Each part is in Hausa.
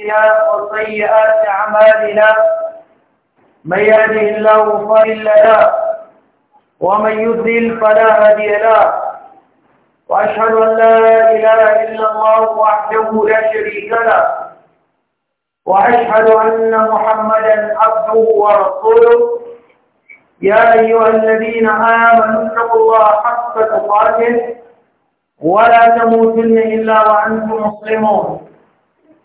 سيئات وسيئات أعمالنا من يهده الله فإلا لا ومن يذل فلا هدي لا وأشهد أن لا إله إلا الله وحده لا شريك له وأشهد أن محمدا عبده ورسوله يا أيها الذين آمنوا اتقوا الله حق تقاته ولا تموتن إلا وأنتم مسلمون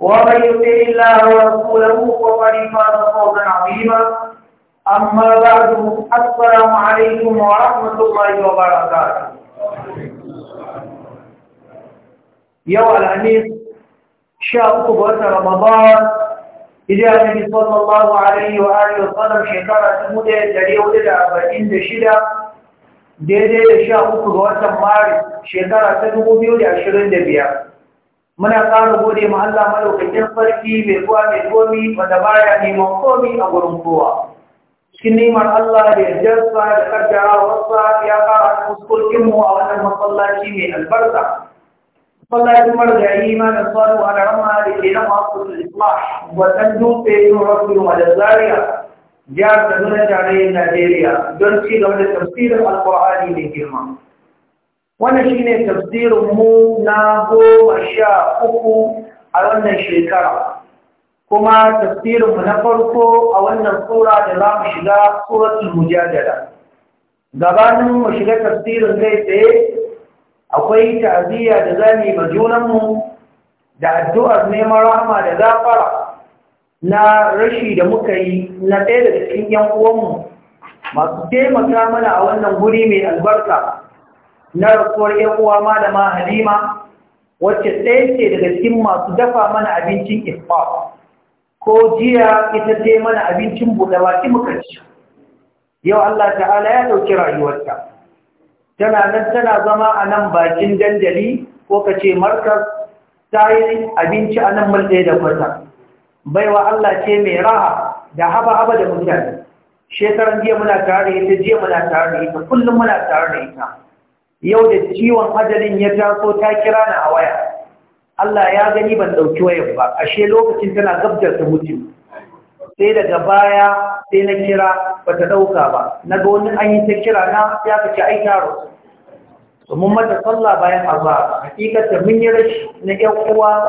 ومن يطع الله ورسوله فقد فاز فوزا عظيما اما بعد السلام عليكم ورحمه الله وبركاته يوم الخميس شهر كبرت رمضان إذا النبي صلى الله عليه وآله وسلم شكرا سمودة جريوة الأربعين دشدة ديدي شهر كبرت مارس شكرا سمودة عشرين دبيا muna ƙara gode ma Allah malaukakin sarki mai ruwa mai komi wanda baya neman komi a gurin kowa cikin neman Allah da yarjarsa da wasa ya ƙara mu a wannan masallaci mai albarka masallacin margayi ma da tsaro a da rama da ke na masu islah wannan dutse yin da zaria jihar da nuna Najeriya don ci gaba da tafsirin Alƙur'ani mai girma. wannan shine tafsirin mu na goma sha uku a wannan shekara kuma tafsirin mu na farko a wannan sura da za mu shiga suratul mujadala gabanin mu shiga tafsirin kai tsaye akwai ta'aziyya da za yi ma junanmu da addu'ar neman rahama da gafara na rashi da muka yi na ɗaya da cikin 'yan uwanmu masu taimaka mana a wannan guri mai albarka na rasuwar ma uwa malama halima wacce ɗaya ce daga cikin masu dafa mana abincin ifa ko jiya ita ce mana abincin buɗe baki muka ci yau Allah ta'ala ya ɗauki rayuwarta tana nan tana zama a nan bakin dandali ko ka ce markas ta yi abinci a nan mulɗe da kwata baiwa Allah ce mai raha da haba-haba da mutane shekaran jiya muna tare ita jiya muna tare ita kullum muna tare da ita yau da ciwon ajalin ya taso ta kira ni a waya Allah ya gani ban ɗauki wayar ba ashe lokacin tana gabjar ta mutu sai daga baya sai na kira ba ta ɗauka ba na ga wani an yi ta kira na ya kaci ai taro mun mata sallah bayan azhar hakikata mun yi rashi na ƴan uwa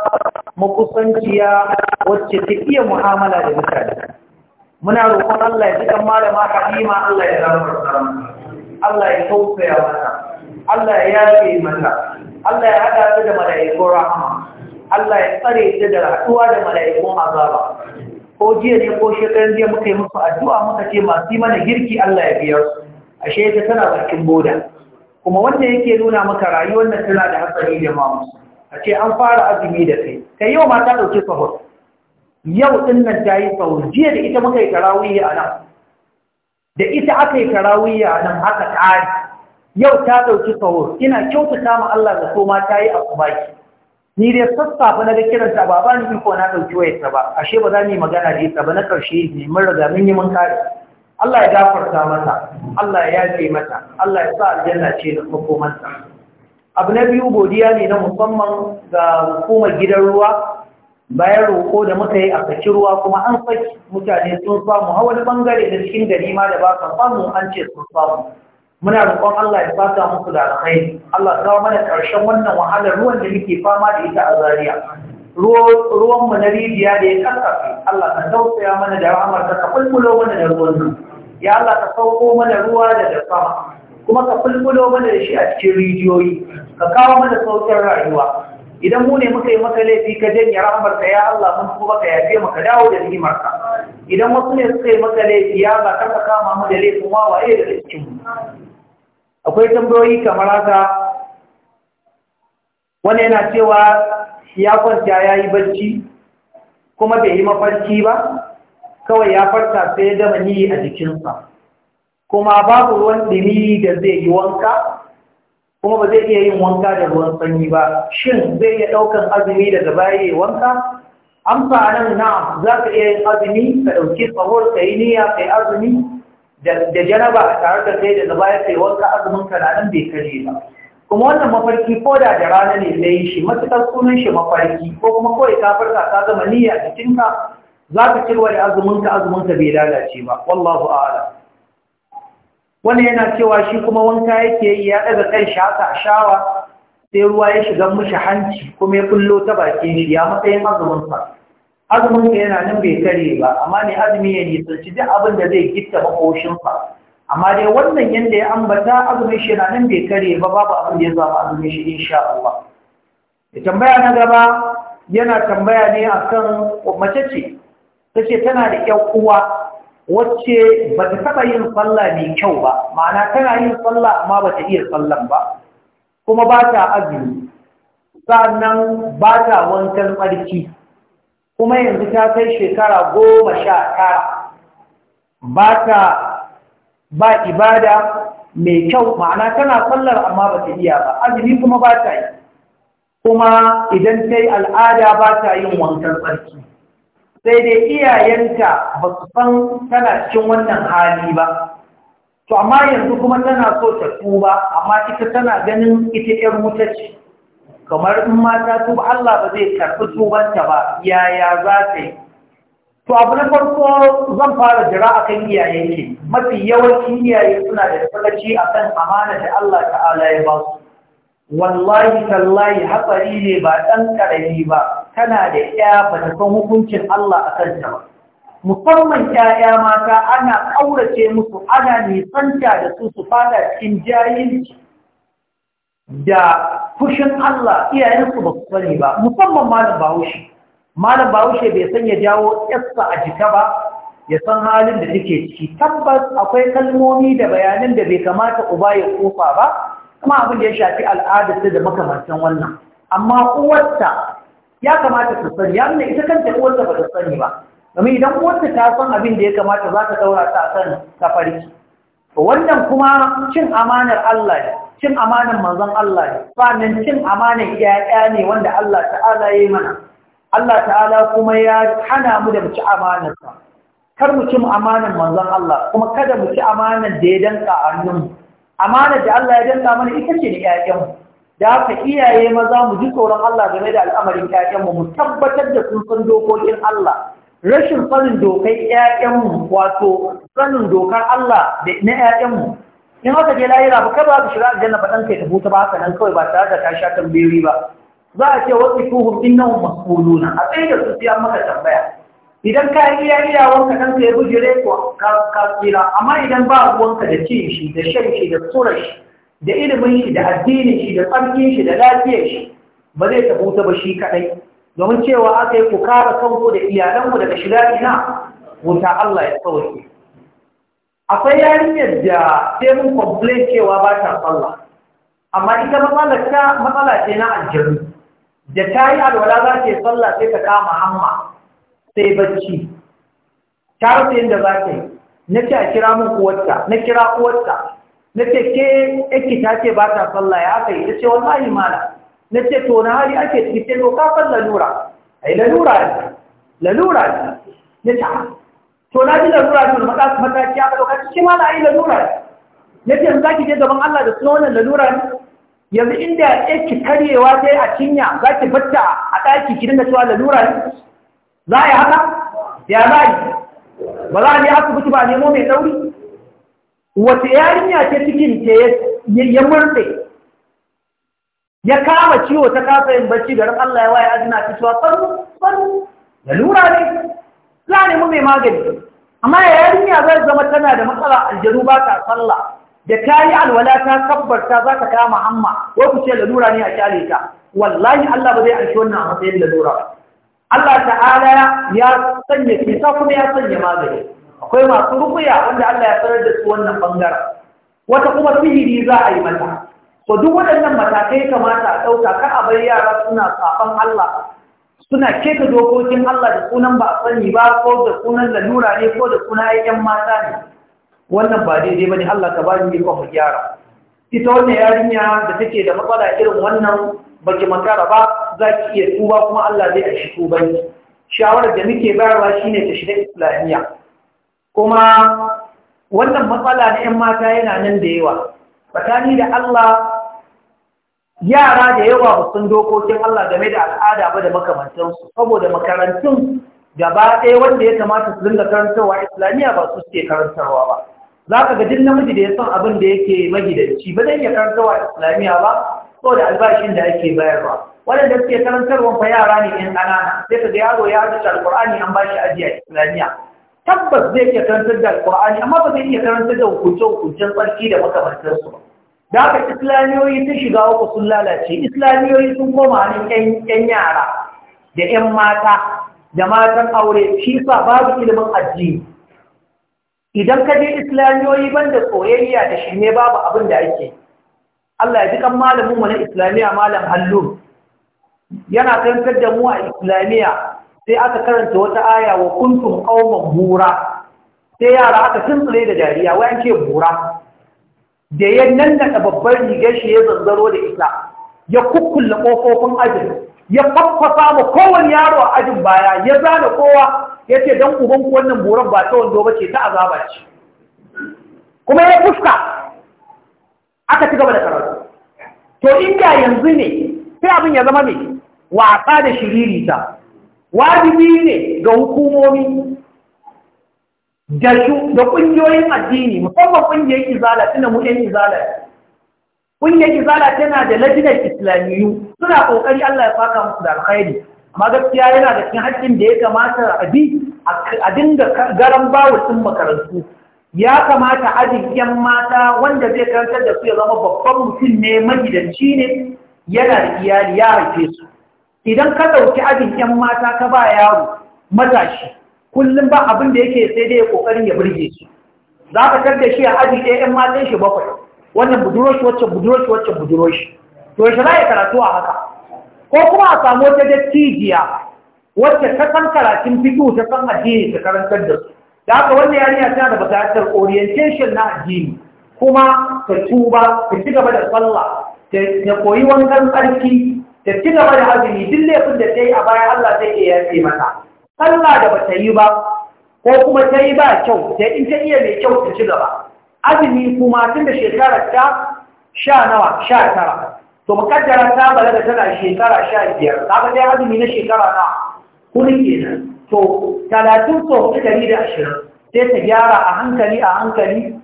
makusanciya wacce ta iya mu'amala da mutane muna roƙon Allah ya ji kan malama Halima Allah ya zama Allah ya tausaya mata Allah ya yafe mata Allah ya haɗa ta da mala'ikun rahama Allah ya tsare ta da haɗuwa da mala'ikun azaba ko jiya ne ko shekaran jiya muka yi musu addu'a muka ce masu yi mana girki Allah ya biyar ashe ta tana bakin boda kuma wanda yake nuna maka rayuwar nan tana da hatsari da mamu a ce an fara azumi da kai kai yau ma ta ɗauki sahur yau ɗin nan ta yi sahur jiya da ita muka yi tarawiyya a nan da ita aka yi tarawiyya a nan ta ƙari yau ta ɗauki sahur ina kyautata ma Allah da koma ta yi a baki. ni dai sassafe na ga kiranta ba ba ni iko na ɗauki wayarta ba ashe ba za mu yi magana da ita ba na ƙarshe ne mun riga mun yi mun kare Allah ya gafarta mata Allah ya yafe mata Allah ya sa aljanna ce da makomanta abu na biyu godiya ne na musamman ga hukumar gidan ruwa bayan roƙo da muka yi a saki ruwa kuma an saki mutane sun samu hawa bangare da cikin gari ma da ba ka samu an ce sun samu muna roƙon Allah ya fata musu da alkhairi Allah kawo mana ƙarshen wannan wahalar ruwan da muke fama da ita a Zaria ruwan mu na rijiya da ya kasafe Allah ka tausaya mana da rahmar ka kulkulo mana da ruwan nan ya Allah ka sauko mana ruwa da sama kuma ka kulkulo mana da shi a cikin rijiyoyi ka kawo mana saukin rayuwa idan mu ne muka yi maka laifi ka janye rahmar ka ya Allah mun kuma ka yafe maka dawo da ni'imar ka idan wasu ne suka yi maka laifi ya Allah ka kama mu da laifin wawaye da cikin mu akwai tambayoyi kamar haka wani yana cewa ya kwanta ya yi barci kuma bai yi mafarki ba kawai ya farka sai ya gama ni a jikinsa kuma babu ruwan ɗumi da zai yi wanka kuma ba zai iya yin wanka da ruwan sanyi ba shin zai iya ɗaukan azumi daga baya ya wanka amsa nan na za ka iya yin azumi ka ɗauki tsawon ka yi niyya ka yi azumi da jaraba, a tare da kai da zaba ya kai wanka azumin ka nan bai kare ba kuma wannan mafarki ko da da rana ne sai shi matukar sunan shi mafarki ko kuma kawai ka farka ka zama niyya a cikin ka za ka cirwa da azumin ka azumin ka bai lalace ba wallahu a'lam wannan yana cewa shi kuma wanka yake yi ya daga kan haka a shawa sai ruwa ya shiga mishi hanci kuma ya kullo ta bakin shi ya matsayin azumin sa azumin ka yana nan bai kare ba amma ne azumi ya nisanci duk abin da zai gitta makoshin fa amma dai wannan yanda ya ambata azumin shi yana nan bai kare ba babu abin da ya zama azumin shi insha Allah ya tambaya na gaba yana tambaya ne akan mace ce tace tana da ƴan uwa wacce ba ta taɓa yin sallah mai kyau ba ma'ana tana yin sallah amma ba ta iya sallan ba kuma ba ta azumi sannan ba ta wankan tsarki kuma yanzu ta kai shekara goma sha tara ba ta ba ibada mai kyau ma'ana tana sallar amma ba ta iya ba azumi kuma ba ta yi kuma idan ta yi al'ada ba ta yin wankan tsarki sai dai iyayenta ba su san tana cikin wannan hali ba to amma yanzu kuma tana so ta tuba amma ita tana ganin ita 'yar wuta ce kamar in mata tuba Allah ba zai karɓi tubanta ba yaya za ta yi to abu na farko zan fara jira akan iyaye ne mafi yawancin iyaye suna da sakaci akan amana da Allah ta'ala ya ba su wallahi tallahi hatsari ne ba ɗan ƙarami ba tana da ƴa ba ta san hukuncin Allah a kanta ba musamman ƴaƴa mata ana ƙaurace musu ana nisanta da su su fada cikin jahilci da fushin Allah iyayensu ba su sani ba musamman malam bahaushe malam bahaushe bai san ya jawo yassa a jika ba ya san halin da take ciki tabbas akwai kalmomi da bayanin da bai kamata uba ya kofa ba kuma abin da ya shafi al'adarsa da makamancin wannan amma uwarta ya kamata ta sani ya nuna ita kanta uwarta ba ta sani ba domin idan uwarta ta san abin da ya kamata za ta daura ta a kan tafarki wannan kuma cin amanar Allah ne cin amanar manzon Allah ne sannan cin amanar iyaya ne wanda Allah ta'ala ya mana Allah ta'ala kuma ya hana mu da mu ci amanar sa kar mu ci amanar manzon Allah kuma kada mu ci amanar da ya danka a hannun amanar da Allah ya danka mana ita ce da mu da haka iyaye maza mu ji tsoron Allah game da al'amarin ƴaƴanmu mu tabbatar da sun san dokokin Allah rashin sanin dokai ƴaƴanmu wato sanin dokar Allah da na ƴaƴanmu in haka ke lahira ba kai ba ka shiga aljanna ba dan kai ta huta ba haka nan kawai ba tare da ka sha tambayoyi ba za a ce wasu tuhum innahum mas'uluna a tsaye da su siya maka tambaya idan ka yi iya iya wanka dan kai ya bujire ko ka tsira amma idan ba wanka da cin shi da shan shi da tsura shi da ilimin shi da addinin shi da tsarkin shi da lafiyar shi ba zai ta huta ba shi kaɗai. domin cewa aka yi kukara kara kanku da iyalanku daga shiga ina wuta Allah ya sauke akwai yarinyar da sai mun complain cewa ba ta sallah amma ita matsala ce na aljihu da ta yi alwala za ta yi sallah sai ta kama hamma sai bacci ta rasa yadda za ta yi na ce a kira mun uwarta na kira uwarta na ce ke ta ce ba ta sallah ya aka yi ta ce wallahi mala نتي تونالي أكيد كتير مقابل لنورا أي لنورا لنورا نتي تونالي لنورا من مقاس متى كيا بلو كاتي كم على أي لنورا نتي أنت كي جد بمع الله دسلون لنورا يم إن ده إيش كتير يواجه أشينيا غات بتشا أتا إيش كتير نسوال لنورا لا يا هذا يا ماي بلا أني أكتب تبع نمو من دوري وتيارني أكيد كتير يس يمرتي ya kama ciwo ta kasa yin bacci garin Allah ya waye azina ta cewa da lura ne za a mu mai magani amma ya yarinya zai zama tana da matsala aljanu ba ta sallah da ta yi alwala ta tabbarta za ta kama hamma ko ku ce lalura ne a kyale ta wallahi Allah ba zai anshi wannan a matsayin lalura ba Allah ta'ala ya sanya kisa kuma ya sanya magani akwai masu rukuya wanda Allah ya sanar da su wannan bangaren wata kuma sihiri za a yi mata to duk waɗannan matakai kamata a ɗauka ka a bar yara suna saɓan Allah suna keta dokokin Allah da sunan ba a sani ba ko da sunan lalura ne ko da suna yayyan mata ne wannan ba daidai ba ne Allah ka bani ikon mu gyara ita wannan yarinya da take da matsala irin wannan baki makara ba za ki iya tuba kuma Allah zai a shi tubanki shawarar da muke bayarwa shine ta shiga islamiyya kuma wannan matsala na 'yan mata yana nan da yawa fatani da Allah yara da yawa ba sun dokokin Allah game da al'ada ba da makamantansu saboda makarantun gaba ɗaya wanda ya kamata su dinga karantarwa islamiyya ba su suke karantarwa ba za ka ga duk namiji da ya san abin da yake magidanci ba zai iya karantarwa islamiyya ba da albashin da ake bayarwa waɗanda suke karantarwa fa yara ne yan ƙanana sai ka ga yaro ya rubuta alƙur'ani an ba shi ajiya islamiyya tabbas zai iya karantar da alƙur'ani amma ba zai iya karantar da hukunce-hukuncen tsarki da makamantansu ba da aka islamiyoyi sun shiga uku sun lalace islamiyoyi sun koma hannun ƴan yara da ƴan mata da matan aure shi sa babu ilimin addini idan ka je islamiyoyi banda soyayya da shi ne babu abin da ake Allah ya ji kan malamin mu na islamiya malam hallu yana karantar da mu a islamiyya sai aka karanta wata aya wa kuntum qauman bura sai yara aka tuntsire da dariya wai an ce bura da ya nannaɗa babban rigar shi ya zanzaro da ita ya kukkulla ƙofofin ajin ya faffasa ma kowane yaro a ajin baya ya zana kowa ya ce don uban wannan buran ba ta wando ce ta azaba ce kuma ya fuska aka ci gaba da karatu to inda yanzu ne sai abin ya zama mai wasa da shiririta wajibi ne ga hukumomi da da ƙungiyoyin addini musamman ƙungiyar izala tana mu izala ƙungiyar izala tana da lajinar islamiyu suna ƙoƙari Allah ya faka musu da alkhairi amma gaskiya yana da cikin haƙƙin da ya kamata a bi a dinga garan bawa sun makarantu ya kamata ajin yan mata wanda zai karantar da su ya zama babban mutum ne magidanci ne yana da iyali ya haife su idan ka ɗauki ajin yan mata ka ba yaro matashi kullum ba abin da yake sai dai kokarin ya burge shi. za ka tarda shi a aji ɗaya ɗan matan shi bakwai wannan buduroshi wacce buduroshi wacce buduroshi to shi za ya karatu a haka ko kuma a samu wata dattijiya wacce ta san karatun fito ta san addini ta karantar da su da haka wannan yarinya tana da bukatar orientation na addini kuma ta tuba ta ci gaba da sallah ta koyi wankan tsarki ta ci gaba da azumi duk laifin da ta yi a baya Allah zai iya yafe mata sallah da bata yi ba ko kuma ta yi ba kyau sai in ta iya mai kyau ta ci gaba azumi kuma tun da shekarar ta sha nawa sha tara to mukaddara ta da tana shekara sha biyar ta ga dai azumi na shekara na kullum kenan to talatin so ɗari da ashirin sai ta gyara a hankali a hankali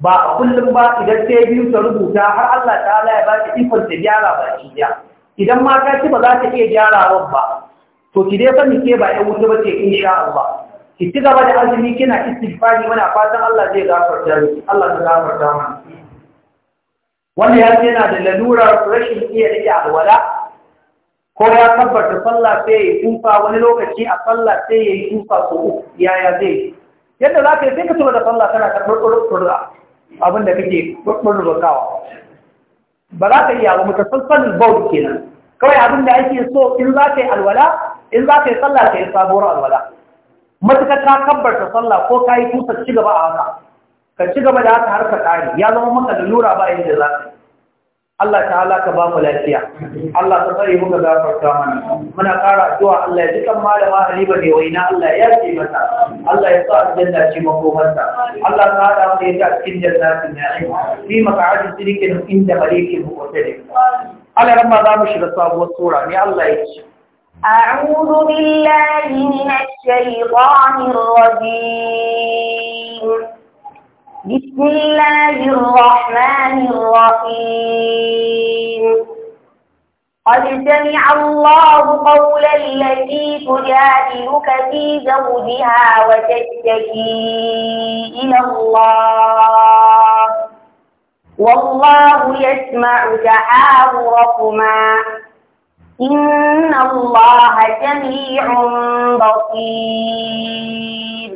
ba a kullum ba idan sai biyu ta rubuta har Allah ta ya ba ta ikon ta gyara ba shi idan mata ci ba za ta iya wa ba to ki dai sani ke ba ya wuce ba ce insha Allah ki ci gaba da azumi kina istighfari muna fatan Allah zai gafarta miki Allah zai gafarta mana wanda ya ce yana da lalurar rashin iya rike alwala ko ya tabbata sallah sai ya yi tufa wani lokaci a sallah sai ya yi tufa ko uku yaya zai yadda za ka yi sai ka tuba da sallah tana karɓar ƙurƙurra abin da kake ƙurƙurrukawa ba za ka iya ba mutasassan bau kenan kawai abin da ake so in za ka yi alwala in za ka yi sallah ka yi sabuwar alwala Matuka ta kabbarta sallah ko ka yi kusa ci gaba a haka ka ci gaba da haka har ka ƙare ya zama maka da lura ba yadda za ka Allah ta'ala ka ba mu lafiya Allah ta tsare muka gafarta mana muna ƙara addu'a Allah ya ji kan malama Aliba ne waina Allah ya ce mata Allah ya sa aljanna ce makomarta Allah ta hada mu ya a cikin jannatin na'im fi maq'adi sirikin inda malikin ne Allah ma za mu shiga sabuwar sura ne Allah ya ce أعوذ بالله من الشيطان الرجيم بسم الله الرحمن الرحيم قد سمع الله قول التي تجادلك في زوجها وتشتكي إلى الله والله يسمع تحاوركما إن الله جميع بصير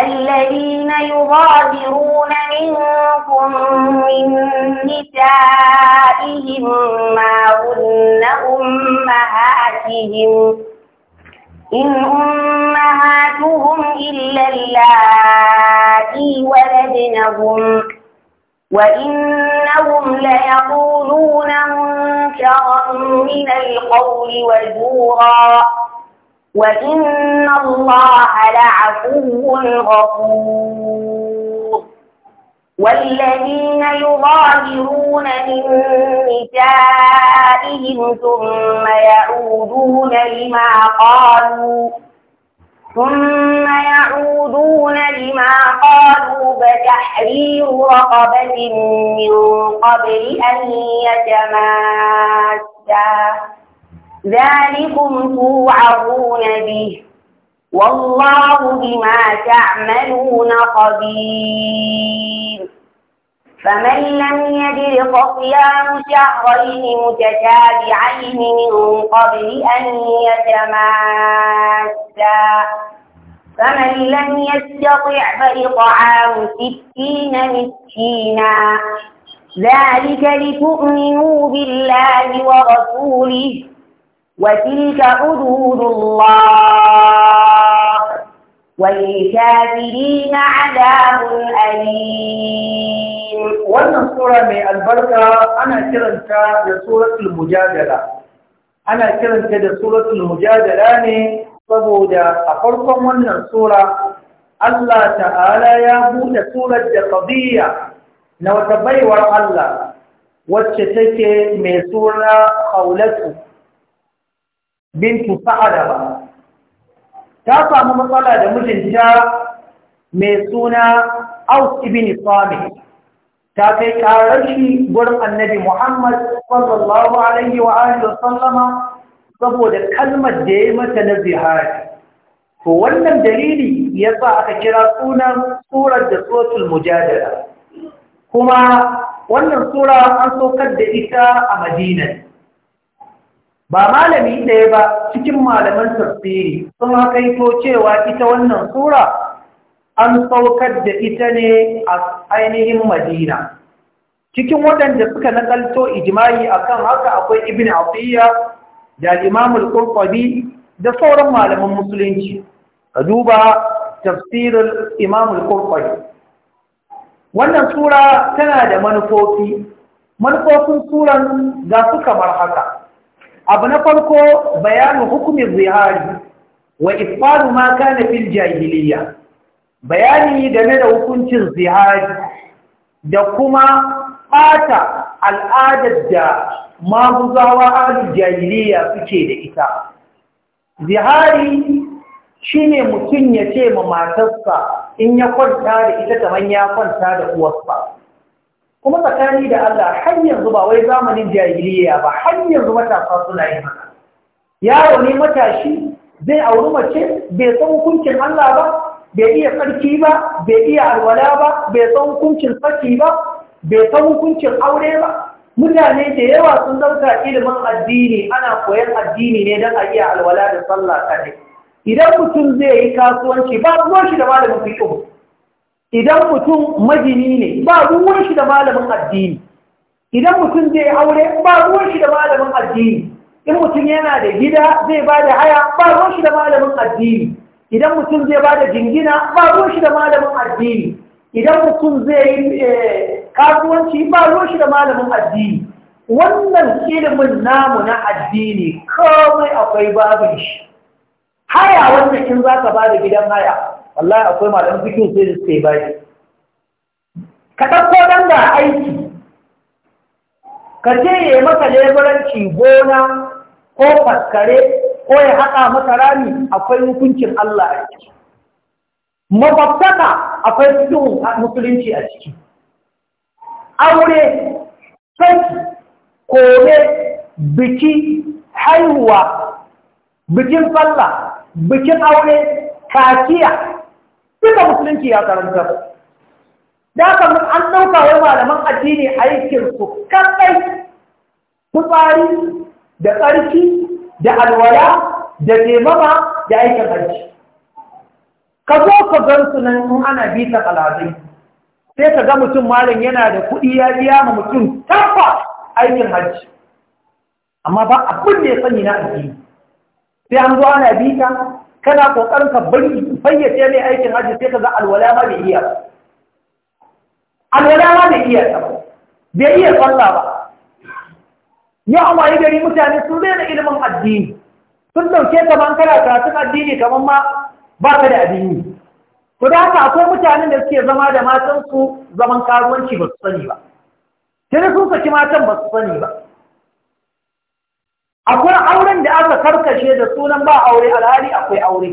الذين يظاهرون منكم من نسائهم ما هن أمهاتهم إن أمهاتهم إلا اللائي ولدنهم وإنهم ليقولون منكرا من القول وزورا وإن الله لعفو غفور والذين يظاهرون من نسائهم ثم يعودون لما قالوا ثم يعودون لما قالوا فتحرير رقبة من قبل أن يتماسا ذلكم توعظون به والله بما تعملون خبير فمن لم يدر فصيام شهرين متتابعين من قبل أن يتماسا فمن لم يستطع فإطعام ستين مسكينا ذلك لتؤمنوا بالله ورسوله وتلك حدود الله وللكافرين عذاب أليم wannan sura mai albarka ana kiranta da suratul mujadala ana kiranta da suratul mujadala ne saboda a farkon wannan sura Allah ta'ala ya buɗe surar da qadiyya na wata baiwar Allah wacce take mai sura Khawlatu bintu Sa'adaba ta samu matsala da mijinta mai suna Aus ibn Samit ta kai karar shi gurin annabi Muhammad sallallahu alaihi wa sallama saboda kalmar da ya mata na zihari to wannan dalili yasa aka kira sunan surar da suratul mujadala kuma wannan sura an saukar da ita a Madina ba malami ɗaya ba cikin malaman tafsiri sun ito cewa ita wannan sura an saukar da ita ne a ainihin madina cikin waɗanda suka nakalto ijimai akan haka akwai ibn afiya da imamul qurtubi da sauran malaman musulunci ka duba tafsirin imamul qurtubi wannan sura tana da manufofi manufofin suran ga su kamar haka abu na farko bayanin hukumin zihari wa ifaru ma kana fil jahiliya bayani game da hukuncin zihari da kuma ɓata al'adar da maguzawa ahlul jahiliya suke da ita zihari shine mutum ya ce ma matarsa in ya kwanta da ita kamar ya kwanta da uwarsa kuma tsakani da Allah har yanzu ba wai zamanin jahiliya ba har yanzu matasa suna yin haka yaro ne matashi zai auri mace bai san hukuncin Allah ba bai iya sarki ba bai iya alwala ba bai san hukuncin sarki ba bai san hukuncin aure ba mutane da yawa sun dauka ilimin addini ana koyan addini ne don a iya alwala da sallah kadai idan mutum zai yi kasuwanci ba ruwan shi da malamin fiqh idan mutum majini ne ba ruwan shi da malamin addini idan mutum zai aure ba ruwan shi da malamin addini in mutum yana da gida zai ba da haya ba ruwan shi da malamin addini idan mutum zai ba da jingina ba ruwan shi da malamin addini idan mutum zai yi eh, kasuwanci ba ruwan shi da malamin addini wannan ilimin namu na addini komai akwai babin shi haya wannan in za ka ba da gidan haya wallahi akwai malaman fikin sai da suke ka ɗauko ɗan da aiki ka ce ya masa leburanci gona ko faskare ko ya haɗa masa rami akwai hukuncin Allah a ciki akwai cikin musulunci a ciki aure saki kome biki haihuwa bikin sallah bikin aure kakiya duka musulunci ya karanta da aka mun an ɗauka wa malaman addini aikin su kadai fitsari da tsarki da alwala da taimaka, da aikin hajji ka zo ka gan su nan in ana bi ta kalazai sai ka ga mutum malam yana da kuɗi ya biya ma mutum tafa aikin hajji amma ba abin da ya sani na addini sai an zo ana bi ta kana kokarin ka bari fayyace mai aikin haji sai ka ga alwala ma bai iya ba alwala ma bai iya ba bai iya sallah ba ya amma gari mutane sun daina ilimin addini sun dauke ka ban kana karatun addini kamar ma ba ka da addini Ku da haka akwai mutanen da suke zama da matansu zaman karuwanci ba su sani ba sai sun saki matan ba su sani ba akwai auren da aka karkashe da sunan ba aure alhali akwai aure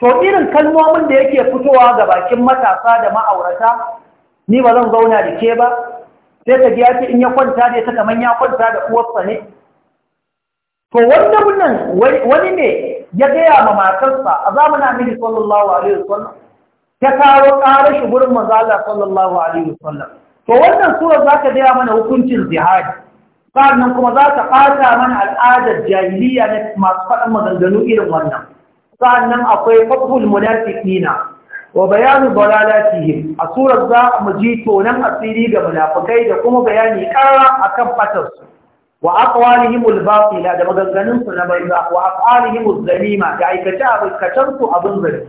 to irin kalmomin da yake fitowa ga bakin matasa da ma'aurata ni ba zan zauna da ke ba sai ka ji ya ce in ya kwanta da ta kaman ya kwanta da uwarsa ne to wannan wani ne ya gaya ma matarsa a zamana mini sallallahu alaihi wasallam ta kawo ƙara shi gurin manzo Allah sallallahu alaihi wasallam to wannan sura zaka gaya mana hukuncin jihadi sannan kuma za ta ɓata mana al'adar jahiliya ne masu faɗin maganganu irin wannan sannan akwai fabbul munafiqina wa bayanu dalalatihim a surar za mu ji tonan asiri ga munafikai da kuma bayani ƙara akan fatarsu wa aqwalihim himul da maganganunsu na banza wa af'alihim himul zalima da aikace a su abin zargi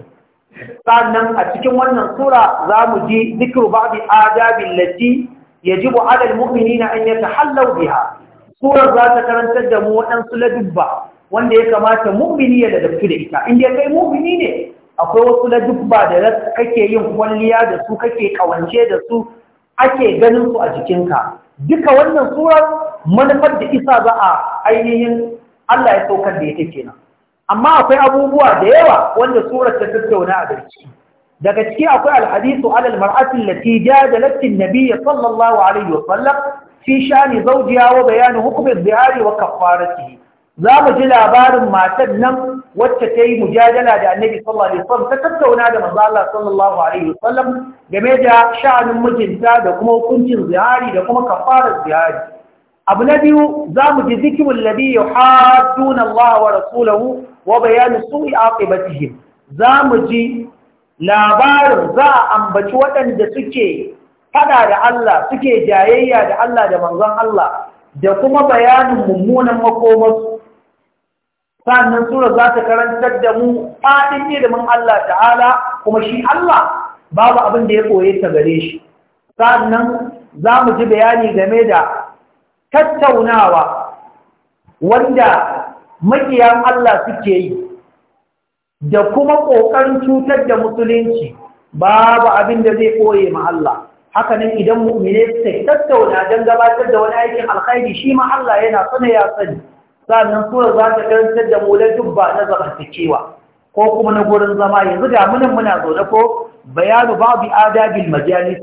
sannan a cikin wannan sura za mu ji zikiru ba'di adabin lati yajibu ala almu'minina an yatahallaw biha surar za ta karantar da mu waɗansu ladubba wanda ya kamata mu'mini ya ladabtu da ita in dai kai mu'mini ne akwai wasu ladubba da kake yin kwalliya da su kake kawance da su ake ganin su a jikinka duka wannan surar manufar da isa za a ainihin Allah ya saukar da ita kenan amma akwai abubuwa da yawa wanda surar ta tattauna a garki daga ciki akwai alhadisu alal mar'atin lati da latin nabiy sallallahu alaihi wasallam fi shani zawjiha wa bayan hukm zihari wa kaffaratihi za mu ji labarin matan nan wacce ta yi mujadala da annabi sallallahu alaihi wasallam ta tattauna da manzo Allah sallallahu alaihi wasallam game da sha'anin mijinta da kuma hukuncin zihari da kuma kafarar zihari abu na biyu za mu ji zikirin ladhi yuhadduna Allah wa rasulahu wa bayan su'i aqibatihim za mu ji labarin za a ambaci waɗanda suke fada da Allah suke jayayya da Allah da manzon Allah da kuma bayanin mummunan makomarsu sannan sura za ta karantar da mu faɗin ilimin Allah ta'ala kuma shi Allah babu abin da ya koye ta gare shi sannan za mu ji bayani game da tattaunawa wanda makiyan Allah suke yi da kuma ƙoƙarin cutar da musulunci babu abin da zai ɓoye ma Allah haka nan idan mu'mine yi tattauna don gabatar da wani aikin alkhairi shi ma Allah yana sana ya sani sannan sura za ta karantar da mu dubba na zamantakewa ko kuma na gurin zama yanzu ga munan muna zaune ko bayanu babu adabil majalis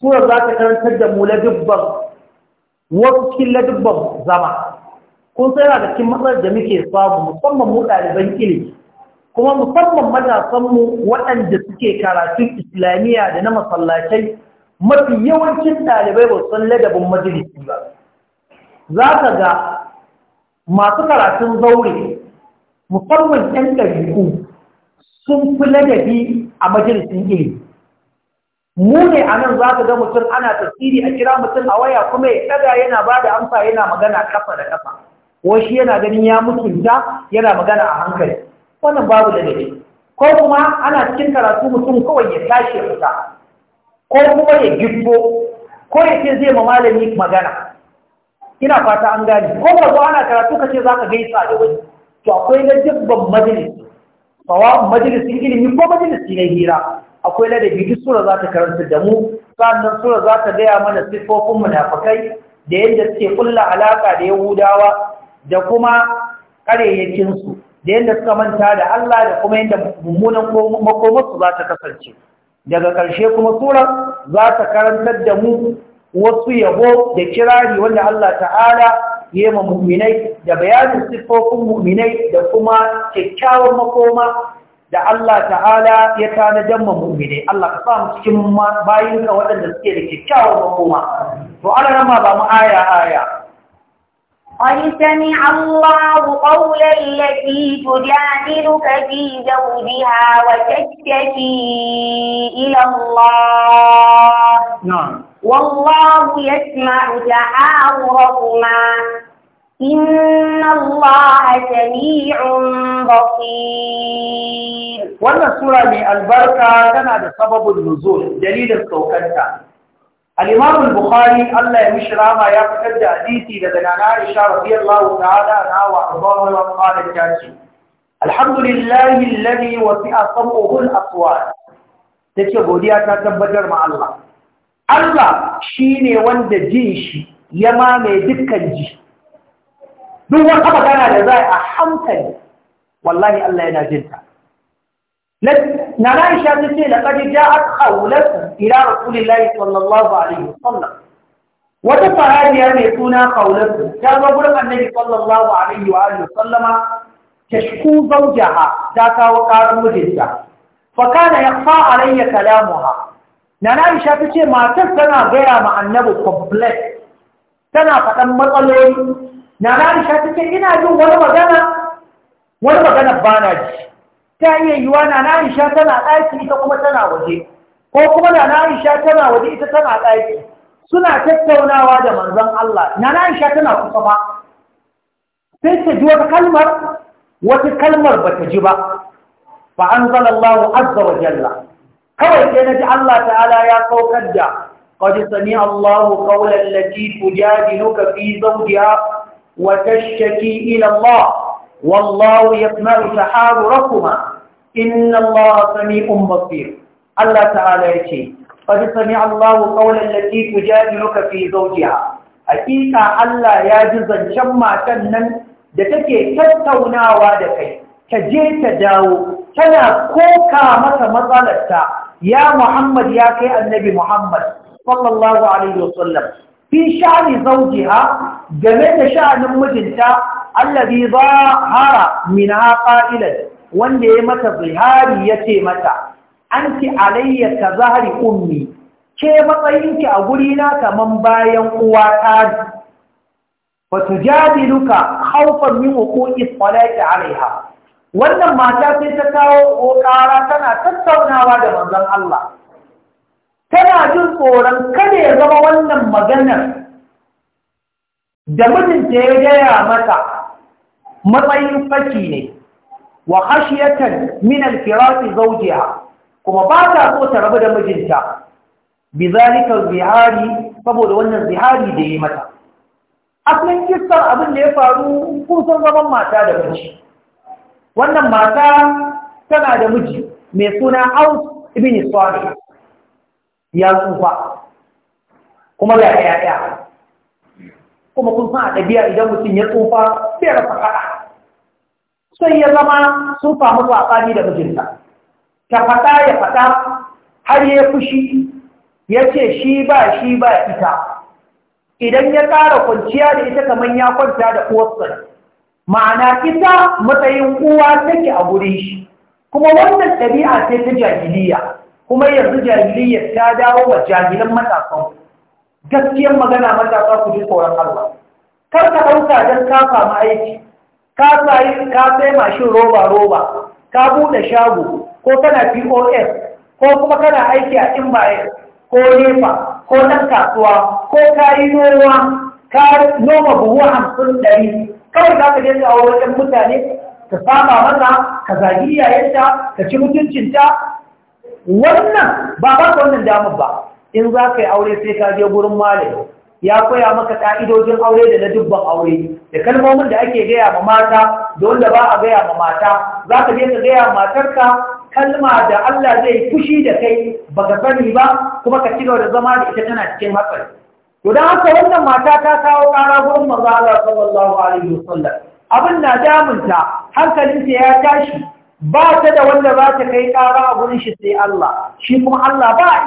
sura za ta karantar da mu dubban wasu cikin ladubban zama kun da cikin matsalar da muke samu musamman mu ɗaliban ilimi kuma musamman matasanmu waɗanda suke karatun islamiyya da na masallacai mafi yawancin ɗalibai ba san ladabin majalisi ba za ka ga masu karatun zaure musamman 'yan ɗabi'u sun fi ladabi a majalisin ilimi mu ne a nan za ka ga mutum ana tasiri a kira mutum a waya kuma ya ɗaga yana ba da amsa yana magana kafa da kafa wasu yana ganin ya mutunta yana magana a hankali wannan babu da dare ko kuma ana cikin karatu mutum kawai ya tashi ya fita ko kuma ya gifto ko ya ce zai ma malami magana ina fata an gane ko ka zo ana karatu ka ce za ka gaisa da wani to akwai na jibban majalis sawa majalisin ilimi ko majalisi na hira akwai ladabi duk sura za ta karanta da mu sannan sura za ta gaya mana siffofin munafukai da yadda suke kulla alaka da yahudawa da kuma karyayyakinsu da yadda suka manta da Allah da kuma yadda mummunan makomarsu za ta kasance daga ƙarshe kuma tura za ta karantar da mu wasu yabo da kirari wanda Allah ta'ala ya ma mu'minai da bayanin siffofin mu'minai da kuma kyakkyawar makoma da Allah ta'ala ya tanadan ma mu'minai Allah ka samu cikin bayinka waɗanda suke da kyakkyawar makoma to ana rama ba mu aya aya قد سمع الله قول التي تجادلك في زوجها وتشتكي إلى الله نعم والله يسمع تحاوركما إن الله سميع بصير wannan سورة البركة كان هذا سبب النزول دليل التوكل saukarta الإمام البخاري الله يمشرا ما يفتد حديثي لدنا عائشة رضي الله تعالى عنها وأرضاها وقال الجاسي الحمد لله الذي وسع صمعه الأصوات تكي غوديا تتبجر مع الله الله شيني وند جيشي يما مي دكا جي دو وقبا كان لذا أحمتني والله الله ينجلتك na Aisha ta ce laqad ja'at khawlatu ila rasulillahi sallallahu alaihi wasallam wata sahabiya mai suna khawlatu ta zo gurin annabi sallallahu alaihi wa alihi wasallama tashku zawjaha ta kawo karar mijinta fa kana yakhfa alayya kalamuha na Aisha ta ce matar tana gaya ma annabi complex tana faɗan matsaloli na Aisha ta ce ina jin wani magana wani magana bana ji ta iya yiwa na Aisha tana ɗaki ita kuma tana waje ko kuma na Aisha tana waje ita tana ɗaki suna tattaunawa da manzon Allah na Aisha tana kusa ba sai ta ji wata kalmar wata kalmar bata ji ba fa anzalallahu azza wa jalla kawai sai na ji Allah ta'ala ya saukar da qad Allah Allahu qawla tujadi nuka fi zawjiha wa shaki ila Allah والله يسمع تحاوركما inna Allah sami'un basir Allah ta'ala yace qad sami'a Allahu qawlan lati tujadiluka fi zawjiha hakika Allah ya ji zancen matan nan da take tattaunawa da kai ta je ta dawo tana koka masa matsalarta ya Muhammad ya kai annabi Muhammad sallallahu alaihi wasallam fi sha'ani zawjiha game da sha'anin mijinta allazi zahara minha qailan wanda ya mata zihari ya ce mata an ki alayya ka zahari ummi ke matsayinki a guri na kaman bayan uwa ba ta fa duka haufar min wuqu'i salati alaiha wannan mata sai ta kawo ƙara tana tattaunawa da manzan Allah tana jin tsoron kada ya zama wannan maganar da mijinta ya gaya mata matsayin faki ne wa khashiyatan min al firat zawjiha kuma ba ta so ta rabu da mijinta bi zalika zihari saboda wannan zihari da yi mata asalin kissar abin da ya faru kun san zaman mata da miji wannan mata tana da miji mai suna Aus ibn Salih ya tsufa kuma ga yaya kuma kun san a ɗabi'a idan mutum ya tsufa sai rasa kaɗa sai ya zama sun a tsakani da mijinta ta fata ya fata har ya fushi ya ce shi ba shi ba ita idan ya ƙara kwanciya da ita kamar ya kwanta da uwarsa ma'ana ita matsayin uwa take a gudun shi kuma wannan ɗabi'a ce ta jahiliya kuma yanzu jahiliyar ta dawo wa jahilan matasan gaskiyar magana matasa ku ji tsoron Allah kar ka ɗauka don kafa ma'aiki. ka sai ka mashin roba roba ka bude shago ko kana POS ko kuma kana aiki a Imbaye ko Nefa ko dan kasuwa ko kayi noma ka noma buhu hamsin ɗari, kawai za ka je ka aure wajen mutane ka saba maka ka zagi yayanta, ka ci mutuncinta wannan ba ba wannan damar ba in za ka yi aure sai ka je gurin malami ya koya maka ƙa'idojin aure da na dubban aure da kalmomin da ake gaya ma mata da wanda ba a gaya ma mata za ka je ka gaya matarka kalma da Allah zai fushi da kai ba ka sani ba kuma ka cigaba da zama da ita tana cikin hatsari to don haka wannan mata ta kawo ƙara gurin maza Allah sallallahu alaihi wasallam abin na damunta hankalinta ya tashi ba ta da wanda za ta kai ƙara a gurin shi sai Allah shi kuma Allah ba a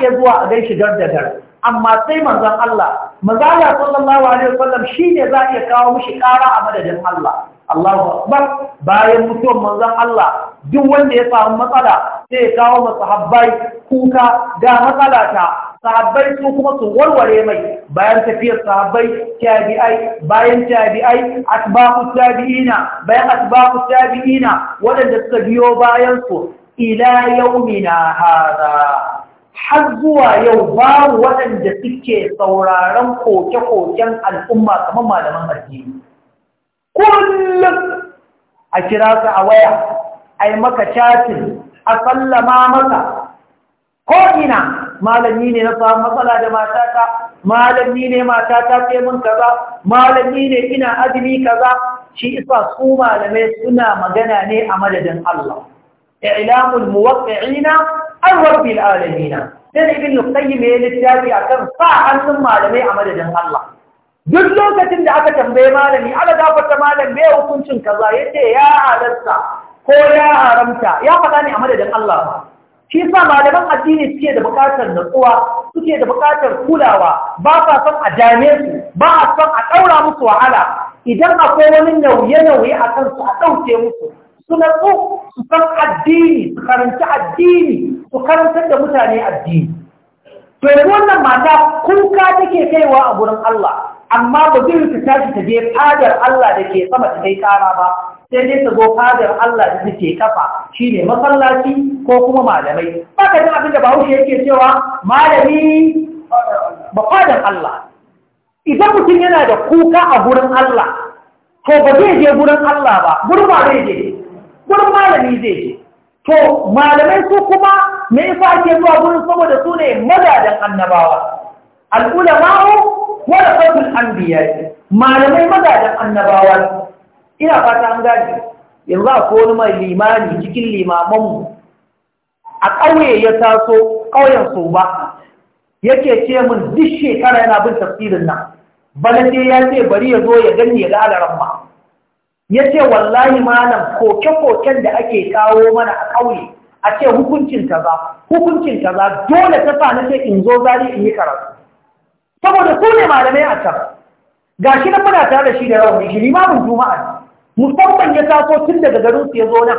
iya zuwa a gaishe dar da dar amma sai manzon Allah manzala sallallahu alaihi wasallam shine za iya kawo mishi ƙara a madadin Allah Allahu akbar bayan mutuwar manzon Allah duk wanda ya samu matsala sai ya kawo ma habbai kuka ga matsala ta sahabbai su kuma su warware mai bayan tafiyar sahabbai tabi'ai bayan tabi'ai asbabu tabi'ina bayan asbabu tabi'ina waɗanda suka biyo bayan su ila yaumina hada har zuwa yau babu waɗanda suke sauraron koke-koken al'umma kamar malaman addini kullum a kira su a waya a yi maka chatin a sallama maka ko'ina malami ne na samun matsala da matata malami ne matata sai mun kaza malami ne ina azumi kaza shi isa su malamai suna magana ne a madadin Allah i'lamul muwaqqi'ina an rabbil alamin dan ibn qayyim ya littafi akan sa hannun malamai a madadin Allah duk lokacin da aka tambayi malami ala gafata malam me hukuncin kaza yace ya halatta ko ya haramta ya faɗa ni a madadin Allah ba shi sa malaman addini suke da bukatar natsuwa suke da bukatar kulawa ba sa son a dame su ba a son a ɗaura musu wahala idan akwai wani nauye-nauye a kansu a ɗauke musu su su san addini su karanci addini su karantar da mutane addini to yanzu wannan mata kuka take kaiwa a gurin Allah amma ba zai ta tashi ta je fadar Allah da ke sama ta kai kara ba sai dai ta zo fadar Allah da take kafa shine masallaci ko kuma malamai ka jin abin da Bahaushe yake cewa malami ba fadar Allah idan mutum yana da kuka a gurin Allah ko ba zai je gurin Allah ba gurin ba zai je gurin malami zai je to malamai su kuma me yasa ake zuwa wurin saboda su ne mazajen annabawa al'ulama'u biya anbiya malamai mazajen annabawa ina fata an gaji yanzu a wani mai limani cikin limamanmu a ƙauye ya taso ƙauyen su ba yake ce min duk shekara yana bin tafsirin nan bala ya ce bari ya zo ya gani ya ga alaran ma ya ce wallahi malam koke-koken da ake kawo mana a ƙauye a ce hukuncin kaza hukuncin dole ta sa na ce in zo zari in yi karatu saboda su ne malamai a can ga shi na muna tare da shi da yawan shi limamin juma'a musamman ya taso tun daga garin su ya zo nan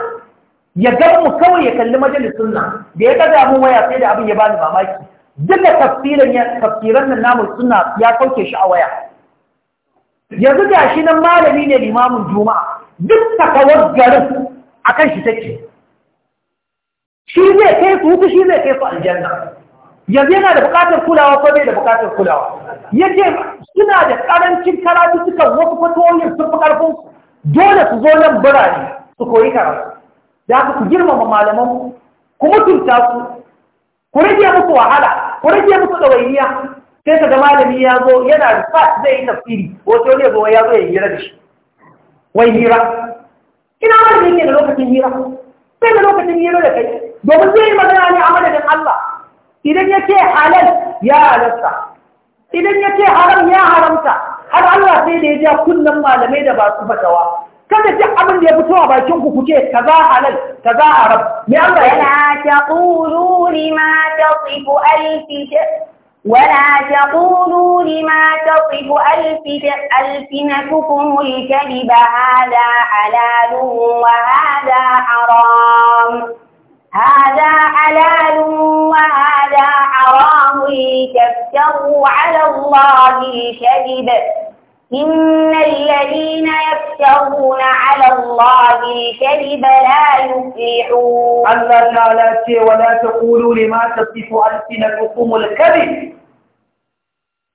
ya gan mu kawai ya kalli majalisun nan da ya gaza mu waya sai da abin ya bani mamaki duka tafsirin tafsiran nan namu suna ya kauke shi a waya yanzu ga shi nan malami ne limamin juma'a duk takawar garin a kan shi take shi zai kai su hutu shi zai kai su aljanna yanzu yana da bukatar kulawa ko bai da bukatar kulawa yace suna da karancin karatu suka wasu fatoyin sun fi karfin dole su zo nan birane su koyi karatu da ku girmama malaman ku mutunta su ku rage musu wahala ku rage musu ɗawainiya sai ka ga malami ya zo yana da fat zai yi tafsiri wato ne gowa ya zo ya hira da shi wai hira ina ma da yake da lokacin hira sai da lokacin hira da kai domin zai yi magana ne a madadin Allah idan ya ce halal ya halarta idan ya ce haram ya haramta har Allah sai da ya ja kunnan malamai da ba su fatawa kada duk abin da ya fito a bakin ku kuke kaza halal kaza haram me Allah ya ta taqulu lima tasifu alfi ولا تقولوا لما تصف ألسنتكم الكذب هذا حلال وهذا حرام هذا حلال وهذا حرام لتفتروا على الله الكذب إن الذين يفترون على الله الكذب لا يفلحون الله تعالى ولا تقولوا لما تصف ألسنتكم الكذب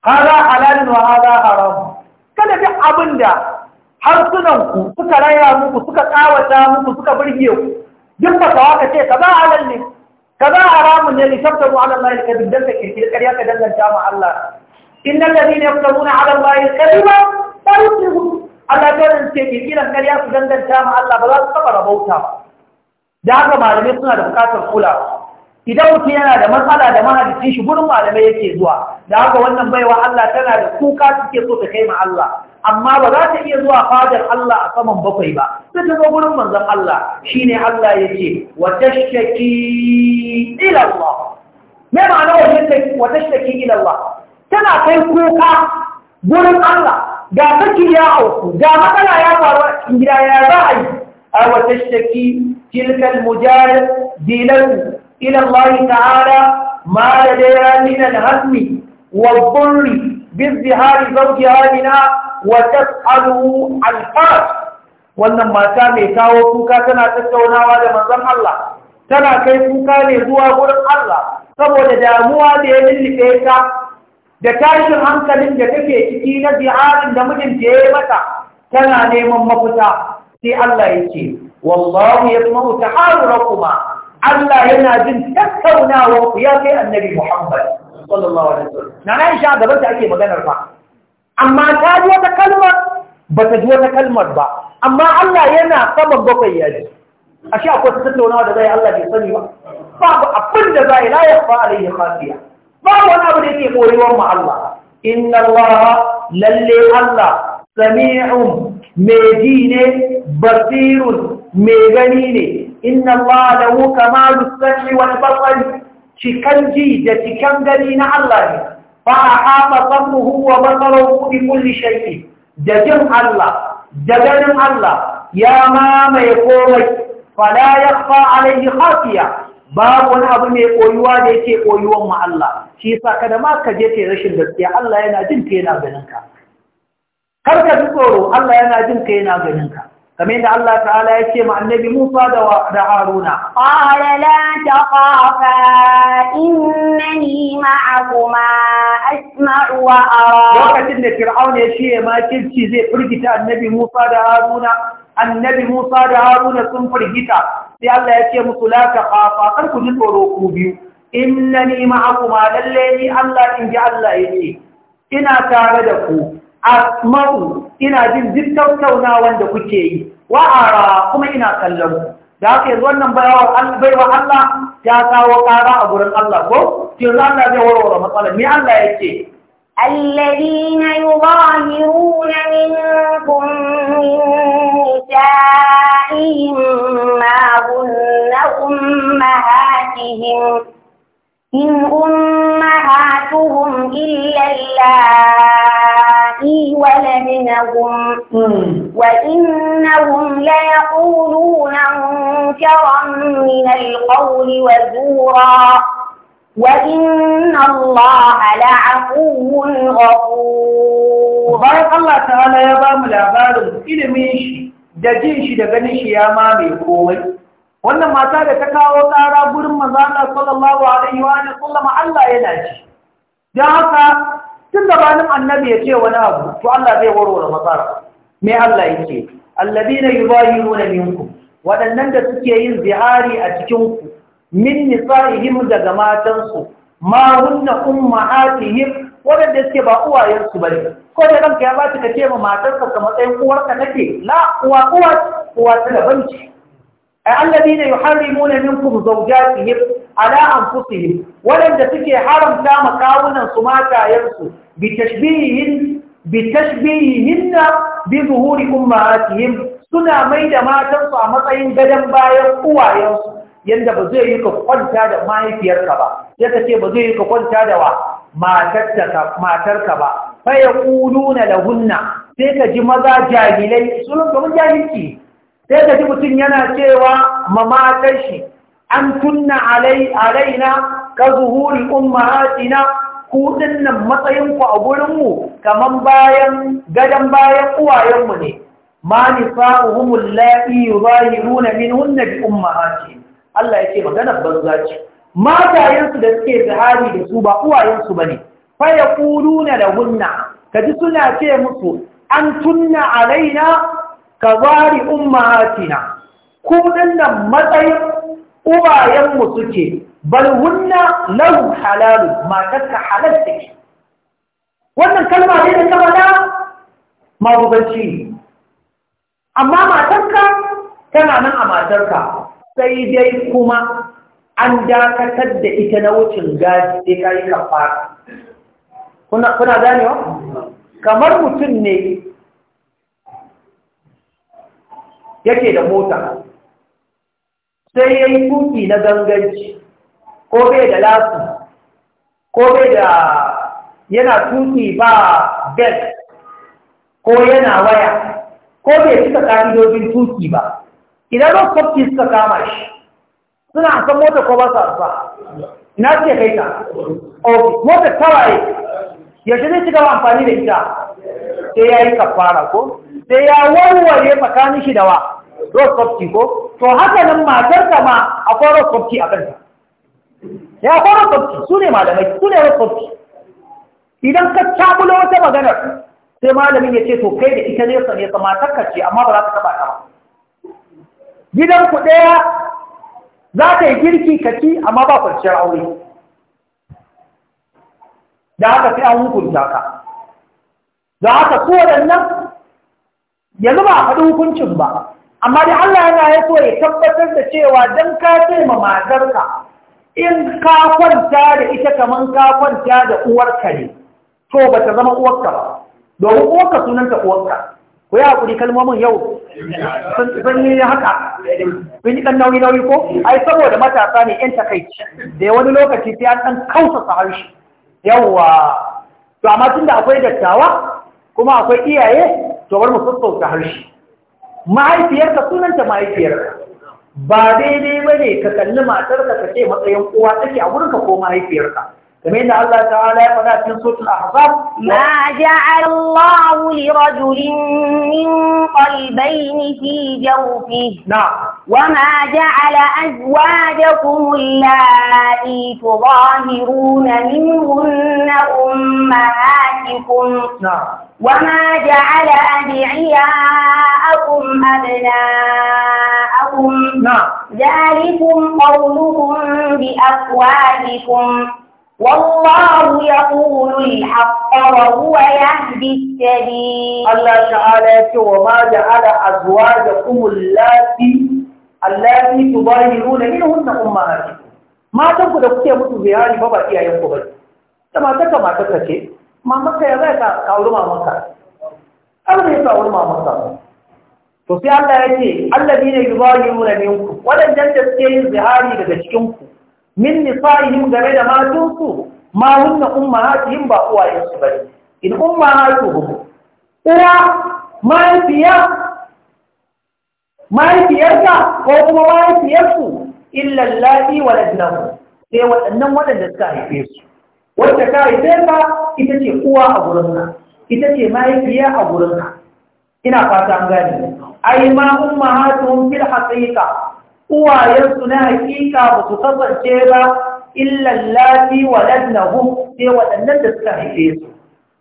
هذا حلال وهذا حرام kada duk abin da harsunanku suka raya muku suka tsawata muku suka birge ku duk ba ka waka ce kaza halal ne kaza haramun ne li tabtaru ala Allah al-kadhib dan ka kirkiri ka danganta ma Allah innal ladina yaftaruna ala allahi al-kadhiba la yuflihun Allah ya rance ke kiran ƙarya su danganta ma Allah ba za su taɓa rabauta ba da haka malamai suna da buƙatar kula idan mutum yana da matsala da mahalicin shi gurin malamai yake zuwa da haka wannan baiwa Allah tana da kuka suke so ta kai ma Allah amma ba za ta iya zuwa fadar Allah a saman bakwai ba sai ta zo Allah shine Allah yace wa tashtaki ila Allah me ma'ana wa tashtaki ila Allah tana kai kuka gurin Allah ga saki ya auku ga matsala ya faru a cikin gida ya za a yi a wata shaki tilkal mujar dilan ila Allah ta'ala ma da daya min al-hazmi wa dhurri bi zihari zawjiha bina wa tas'alu al wannan mata mai kawo kuka tana tattaunawa da manzon Allah tana kai kuka ne zuwa gurin Allah saboda damuwa da ya lulluɓe ta da tashin hankalin da take ciki na zi'arin da mijinta ya yi mata tana neman mafita sai Allah ya ce wallahu ya kuma ta kuma Allah yana jin tattaunawa ku ya kai annabi Muhammad sallallahu alaihi wasallam na na isha gaban ta ake maganar fa amma ta ji wata kalmar ba ta ji wata kalmar ba amma Allah yana saman bakwai ya ji ashe akwai tattaunawa da zai Allah bai sani ba babu abin da zai la yafa alaihi khafiya babu wani abu da yake koyuwar mu Allah inna Allah lalle Allah sami'un mai ji ne basirun mai gani ne inna Allah lahu kamalu sami wani basari cikan ji da cikan gani na Allah ne fa ahata sammuhu wa basarar kuɗi kulli shay'in da jin Allah da ganin Allah ya mamaye komai fala yakhfa alayhi khafiya babu wani abu mai koyuwa da yake koyuwan mu Allah shi yasa kada ma ka je kai rashin gaskiya Allah yana jin ka yana ganin ka kar ka ji tsoro Allah yana jin ka yana ganin ka kamar yadda Allah ta'ala ya ce ma annabi Musa da da Haruna qala la taqafa innani ma'akuma asma'u wa ara lokacin da Fir'aun ya ce ma kirci zai furgita annabi Musa da Haruna annabi Musa da Haruna sun firgita sai Allah ya ce musu la ta khafa kar ku ji tsoro ku biyu innani ma'akuma lalle ni Allah in ji Allah yake ina tare da ku asma'u ina jin duk tattaunawan kuke yi wa ara kuma ina kallon ku da haka yanzu wannan baiwa Allah ya kawo ƙara a gurin Allah ko ce Allah zai warware matsalar ni Allah yake الذين يظاهرون منكم من نسائهم ما هن أمهاتهم إن أمهاتهم إلا اللائي ولدنهم وإنهم ليقولون منكرا من القول وزورا وإن الله لعفو غفور بارك الله تعالى يا بام العباد إلى ميشي da jin shi da ganin shi ya mame komai wannan mata da ta kawo tsara gurin manzana sallallahu alaihi wa sallama Allah yana ji don haka tun gabanin annabi ya ce wani abu to Allah zai warware matsara me Allah yake alladina yubayiruna minkum waɗannan da suke yin zihari a cikin ku min nisa'ihim daga matansu ma hunna ummahatihim waɗanda suke ba uwayensu ba ne ko da ranka ya bata ka ma matarka ka matsayin uwarka nake la uwa uwa uwa ta daban ce ai alladina yuharrimuna minkum zawjatihim ala anfusihim waɗanda suke haramta ma kawunan su yansu bi tashbihihin bi tashbihihinna bi zuhuri ummahatihim suna mai da matansu a matsayin gadon bayan uwayensu yadda ba zai yi ka kwanta da mahaifiyarka ba sai ka ba zai yi ka kwanta da wa matarka ba faya nuna da hunna sai ka ji maza jahilai sunan kamar jahilci sai ka ji mutum yana cewa ma matar shi an tunna alaina ka zuhuri ummahatina ku dinnan ku a gurinmu kamar bayan gadon bayan uwayenmu ne ma nisa'uhumul la'i min hunna bi ummahatin Allah yake magana banza ce matayensu da suke zahari da su ba uwayensu ba ne faya na da hunna ka ji suna ce musu an tunna raina ka zari hatina. kudin nan matsayin uwayenmu suke bal hunna lau halalu matarka halal ke. wannan kalma ne da kama na amma matarka tana nan a matarka sai dai kuma an dakatar da ita na wucin gadi sai ka yi kafara kuna wa? kamar mutum ne yake da mota sai ya yi kuki na ganganci ko bai da lasu ko bai da yana kuki ba bel ko yana waya ko bai cika ƙa'idodin kuki ba idan rock suka kama shi suna a san motar ko ba su arfa ina ce kai ta ofis motar tawaye yaushe zai ci gaba amfani da ita sai ya yi kafara ko sai ya warware tsakanin shi da wa rosofti ko to haka nan matar ka ma akwai rosofti a kanta ya akwai rosofti su ne malamai su ne rosofti idan ka tabula wata maganar sai malamin ya ce to kai da ita ne sa ne sa matar ka ce amma ba za ka taba ta ba gidan ku ɗaya za ka yi girki ka ci amma ba kwanciyar aure da haka sai an hukunta ka da haka so nan yanzu ba a faɗi hukuncin ba amma dai Allah yana ya so ya tabbatar da cewa don ka ce ma matarka in ka kwanta da ita kamar ka kwanta da uwarka ne to ba ta zama uwarka ba domin uwarka sunanta uwarka ku yi haƙuri kalmomin yau sun yi haka sun yi ɗan nauyi-nauyi ko ai saboda matasa ne yan takaici da wani lokaci sai an ɗan kausasa harshe yawwa to amma tunda akwai dattawa kuma akwai iyaye to bar mu sassauta harshe mahaifiyarka sunanta mahaifiyarka ba daidai ba ne ka kalli matarka ka ce matsayin uwa take a wurinka ko mahaifiyarka سمعنا الله تعالى فلا في سوره الاحزاب ما جعل الله لرجل من قلبين في جوفه نعم وما جعل ازواجكم اللائي تظاهرون منهن امهاتكم نعم وما جعل ادعياءكم ابناءكم نعم ذلكم قولهم بافواهكم والله يقول الحق وهو يهدي السبيل الله تعالى وما جعل أزواجكم اللاتي اللاتي تظاهرون منهن أمهاتكم ما تنكو da kuke mutu ziyari ba ba iyayen ku bane da mata ka mata ka ce mamanka ya zai ka kawo mamanka Allah ya kawo mamanka to sai Allah ya ce allazi ne yuzahiruna minkum wadannan da suke yin zihari daga cikin ku min nisa'ihim game da matunsu ma hunna ummahatihim ba su bane in ummahatuhum uwa mahaifiya mahaifiyarka ko kuma mahaifiyarsu illa allati waladnahu sai waɗannan waɗanda suka haife su wacce ka haife ka ita ce uwa a gurin ka, ita ce mahaifiya a gurin ka, ina fata an gane ai ma ummahatuhum fil haqiqa uwayensu na hakika ba su kasance ba illan lati waladnahum sai waɗannan da suka haife su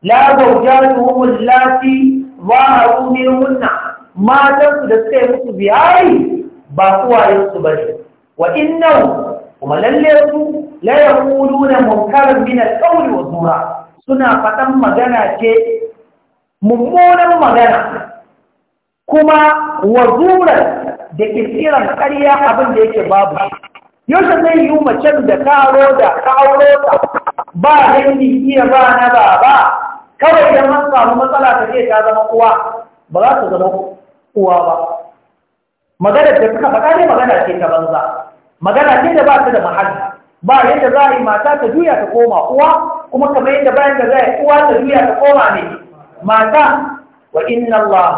jami'un zawjatuhum ba zaharu minhunna matan da suka yi musu biyari ba uwayensu ba ne wa innahu kuma lalle su la yaquluna munkaran min al wa zura suna faɗan magana ce mummunan magana kuma wa zurar da kirkiran ƙarya abin da yake babu yaushe zai yi macen da karo da ta. ba dangi iya ba na ba ba kawai idan an samu matsala ta ce ta zama uwa ba za ta zama uwa ba magana da suka faɗa ne magana ce ta banza magana ce da ba ta da mahalli ba yadda za a yi mata ta juya ta koma uwa kuma kamar yadda bayan da za a yi uwa ta juya ta koma ne mata wa inna Allah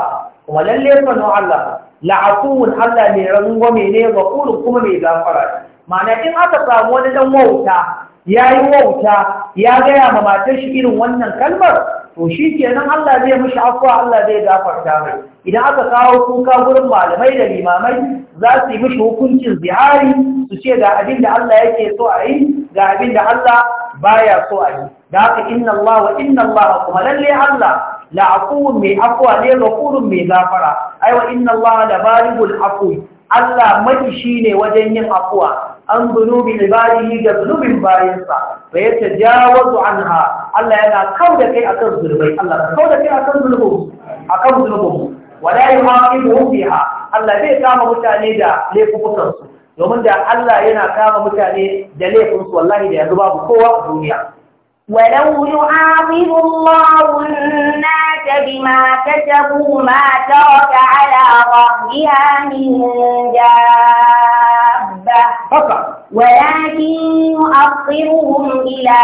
kuma lalle sanu Allah la'afuwun Allah mai rangwame ne ga ƙurin kuma mai gafara ma'ana in aka samu wani dan wauta ya yi wauta ya gaya ma matar shi irin wannan kalmar to shi kenan Allah zai mishi afuwa Allah zai gafarta mai idan aka kawo kuka gurin malamai da limamai za su yi mishi hukuncin zihari su ce ga abin da Allah yake so a yi ga abin da Allah baya so a yi da haka inna Allah wa inna Allah kuma lalle Allah la'afuwun mai afuwa ne kurun mai zafara aiwa inna Allah da baribul afuwi Allah mafi shi ne wajen yin afuwa an zunubi ibadihi da zunubin bayansa da ya an anha Allah yana kau da kai akan zunubai Allah ka kau da kai akan zunubin akan zunubin wala hufi ha, Allah zai kama mutane da laifukan domin da Allah yana kama mutane da laifukansu wallahi da yanzu babu kowa a duniya ولو يعاقب الله الناس بما كسبوا ما ترك على ظهرها من دابة ولكن يؤخرهم إلى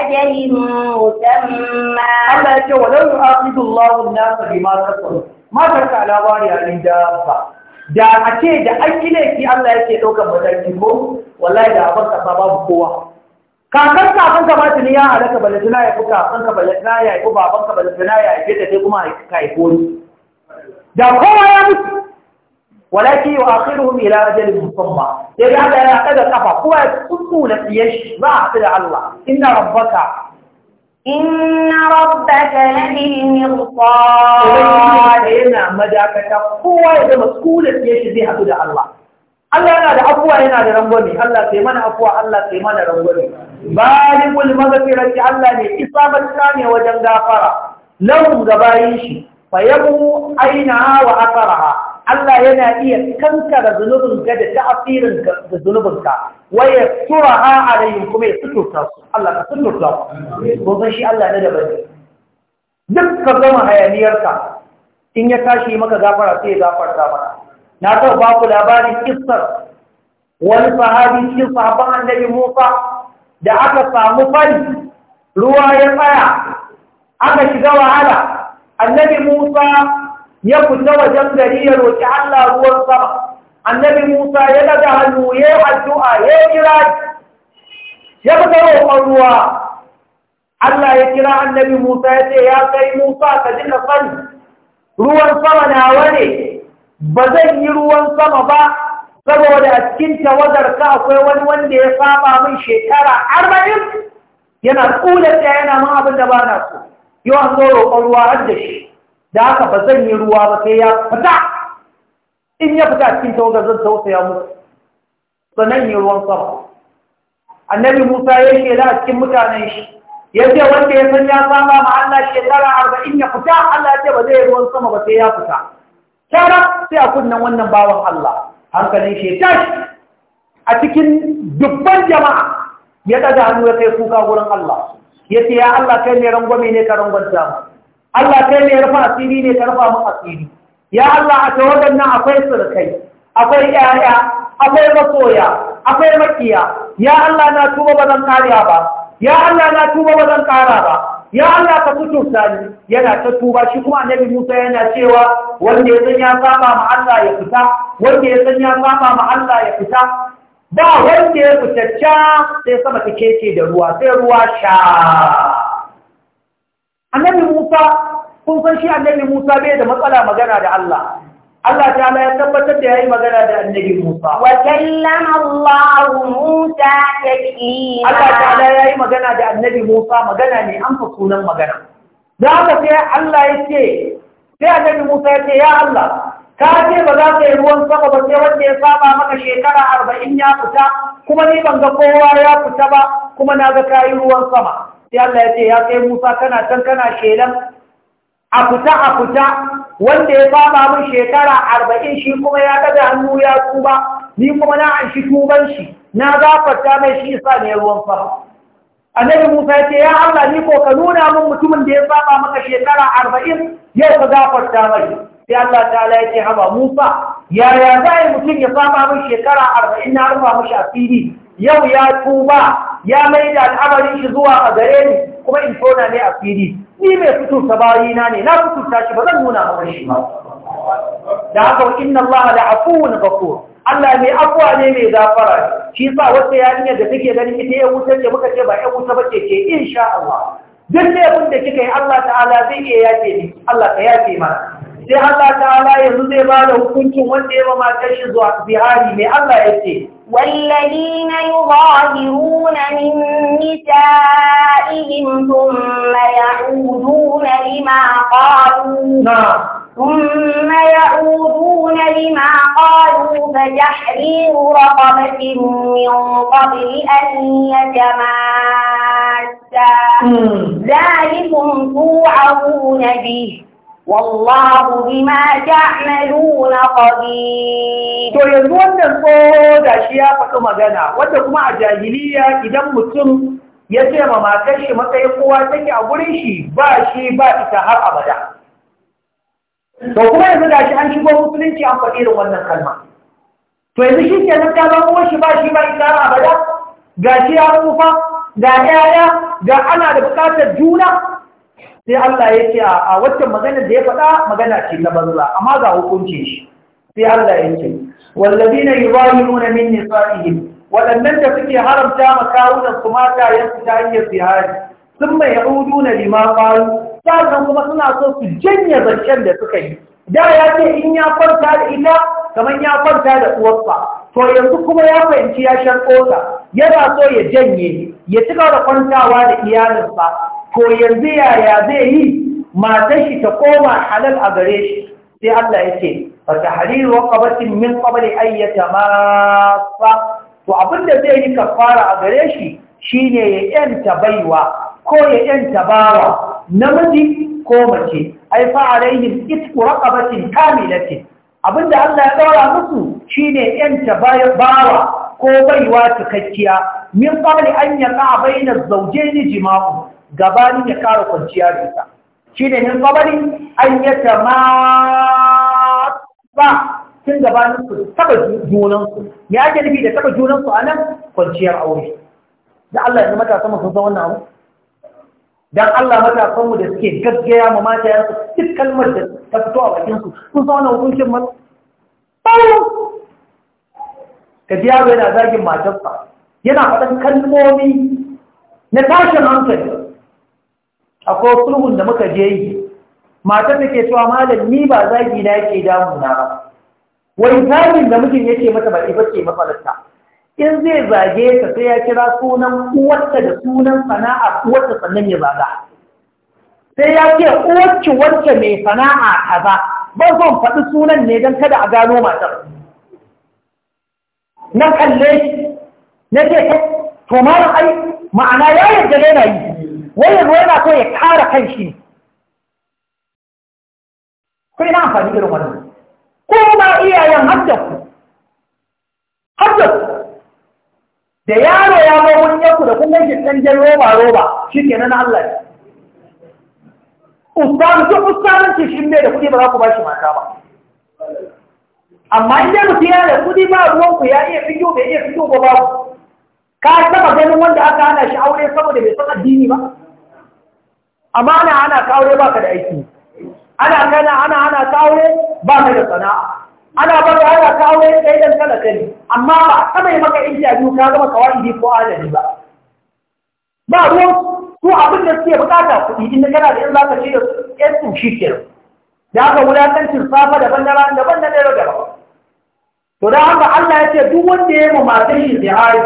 أجل مسمى الله ولو يعاقب الله الناس بما كسبوا ما ترك على ظهرها من دابة da a ce da an gina ki Allah yake ɗaukar mataki ko wallahi da abin kasa babu kowa kakar kafin ka bata ni ya halaka balatana ya fi kafin ka balatana ya haifi baban ka balatana ya haifi da sai kuma ka yi wani da kowa ya mutu walaki wa akhiruhum ila ajalin musamma sai da Allah ya kada kafa kuma ya tsutsu na shi. ba a da Allah inna rabbaka inna rabbaka labil mirsad yana madakata kowa ya zama tsutsu na shi zai haɗu da Allah Allah yana da afuwa yana da rangwame Allah sai mana afuwa Allah sai mana rangwame balikul maghfirati Allah ne isabatta ne wajen gafara lahu gabayin shi Fa fayabu aina wa aqraha Allah yana iya kankara zunubin ka da ka. da zunubinka waya turaha alayhim kuma ya suturta su Allah ka suturta su ko san shi Allah ne da bane duk ka gama hayaniyarka in ya tashi maka gafara sai ya gafarta maka na san ba ku labarin kissar wani sahabi cikin annabi Musa da aka samu fari ruwa ya tsaya aka shiga wahala annabi Musa ya fita wajen gari ya roƙi Allah ruwan sama annabi Musa ya daga hannu ya yi addu'a ya yi kira ya fita roƙon ruwa Allah ya kira annabi Musa ya ce ya kai Musa ka ji na sani ruwan sama nawa ne ba zan yi ruwan sama ba saboda a cikin ka akwai wani wanda ya saba min shekara arba'in yana ta yana min abin da ba na so yau an zo roƙon ruwa har da shi da haka ba zan yi ruwa ba sai ya fita in ya fita cikin tawazar zan tausaya musu sannan yi ruwan sama annabi musa ya shela a cikin mutanen shi ya ce wanda ya san ya saba ma Allah shekara arba'in ya fita Allah ya ce ba zai yi ruwan sama ba sai ya fita tara sai a kunnan wannan bawan Allah hankalin shi tashi a cikin dubban jama'a ya daga hannu ya kai kuka wurin Allah ya ce ya Allah kai ne rangwame ne ka rangwanta mu Allah kai ne rufa asiri ne ka rufa mu asiri ya Allah a ta waɗannan akwai surkai akwai 'ya'ya, akwai masoya akwai makiya ya Allah na tuba ba zan kariya ba ya Allah na tuba kara ba ya Allah ka kuturta ni yana ta tuba shi kuma annabi Musa yana cewa wanda ya san ya saba ma Allah ya fita wanda ya san ya saba ma Allah ya fita ba wanda ya fitacca sai sama ta kece da ruwa sai ruwa sha annabi Musa kun san shi annabi Musa bai da matsala magana da Allah Allah ta ya tabbatar da yayi magana da annabi Musa. Wa kallama Allahu Musa taklima. Allah ta yi magana da annabi Musa magana ne an fa sunan magana. Da haka sai Allah ya ce sai annabi Musa ya ce ya Allah ka ce ba za ka yi ruwan sama ba sai wanda ya saba maka shekara arba'in ya fita kuma ni ban ga kowa ya fita ba kuma na ga kayi ruwan sama. Sai Allah ya ce ya kai Musa kana can kana shelan a fita a fita wanda ya fama min shekara arba'in shi kuma ya ɗaga hannu ya tuba ni kuma na an shi tuban shi na gafarta mai shi isa ne ruwan fara annabi musa ya ce ya allah ni ko ka nuna min mutumin da ya fama maka shekara arba'in yau ka gafarta mai sai allah ta'ala ya ce haba musa yaya za mutum ya fama min shekara arba'in na rufa mashi asiri yau ya tuba ya mai da al'amarin shi zuwa a gare ni kuma in tona ne asiri ni mai bari na ne na kuturta shi ba zan nuna hawan shi ba da haka inna Allah da na bako Allah mai afuwa ne mai zafara shi sa wata yarinyar da take ganin ita ya wuce ce muka ce ba ya wuta ba ce ke insha Allah duk abin da kika yi Allah ta'ala zai iya yafe ni Allah ka yafe mana sai Allah ta'ala yanzu zai ba da hukuncin wanda ya ba matar shi zuwa bihari mai Allah ya ce والذين يظاهرون من نسائهم ثم يعودون لما قالوا نعم ثم يعودون لما قالوا فتحرير رقبة من قبل أن يتماسا ذلكم توعظون به wallahu bima ta'maluna qadir to yanzu wannan tsoho da shi ya faɗi magana wanda kuma a jahiliya idan mutum ya ce ma matar shi matsayin kowa take a gurin shi ba shi ba ita har abada to kuma yanzu da shi an shigo musulunci an faɗi irin wannan kalma to yanzu shi ke nan ta uwar shi ba shi ba ita har abada ga shi ya tsufa ga 'ya'ya ga ana da buƙatar juna sai Allah ya ce a waccan magana da ya faɗa magana ce na banza amma ga hukunci shi sai Allah ya ce wallazina nuna min nisa'ihim waɗannan da suke haramta kawuna su mata su ta hanyar zihari sun mai yahudu na lima faru sa'an kuma suna so su janye zancen da suka yi da ya ce in ya kwanta da ita kamar ya kwanta da uwarsa to yanzu kuma ya fahimci ya shan ƙota yana so ya janye ya cika da kwantawa da iyalinsa Ko yanzu yaya zai yi matar shi ta koma halal a gare shi sai Allah ya ce fa tahriru min qabli an yatamassa to abinda zai yi kafara a gare shi shine ya yanta baiwa ko ya yanta bawa namiji ko mace ai fa alaihim itqu raqabatin kamilatin abinda Allah ya daura musu shine yanta bawa ko baiwa cikakkiya min qabli an yaqa bainaz ni jima'u Gabani ya kara kwanciya da ita shi ne min kwabari an yi ba tun gabanin su taba junansu ya ake nufi da taba junansu a nan kwanciyar aure da Allah ya mata sama sun san wannan abu dan Allah mata mu da suke gaggaya ma mata su duk kalmar da ta fito a bakin su sun san wannan hukuncin mal ka ji yaro yana zagin matarsa yana faɗan kalmomi na tashin hankali akwai sulhun da muka je yi matar da ke cewa malam ni ba zagi na yake damuna ba wai zagin da mijin yake mata ba ifa ce mafarta in zai zage ta sai ya kira sunan uwarta da sunan sana'a uwarta sannan ya zaga sai ya ce uwarci wacce mai sana'a kaza ba zan faɗi sunan ne don kada a gano matar na kalle na ce to malam ai ma'ana ya yarda yana yi wai yanzu yana so ya kara kan shi kuma ina amfani irin wani ko ma iyayen haddaku haddaku da yaro ya zo wani yanku da kun gan shi ɗan jan roba roba shi ke nan Allah ne ustazu duk ustazanci shi ne da kuɗi ba za ku ba shi mata ba amma idan dai mutum yana da kuɗi ba ruwanku ya iya fito bai iya fito ba ba ka taɓa ganin wanda aka hana shi aure saboda bai san addini ba amma ana ana ka aure baka da aiki ana kana ana ana ka aure baka da sana'a ana baka hana ka aure kai dan talaka ne amma ba ta mai maka interview ka gama kawai ko adali ba ba ruwan ko abin da suke bukata kuɗi inda kana da yanzu zaka ce da yanzu shi ke. da aka wulakancin safa daban da ran daban na ɗaya daban to da haka Allah ya ce duk wanda ya yi mamatar shi zihari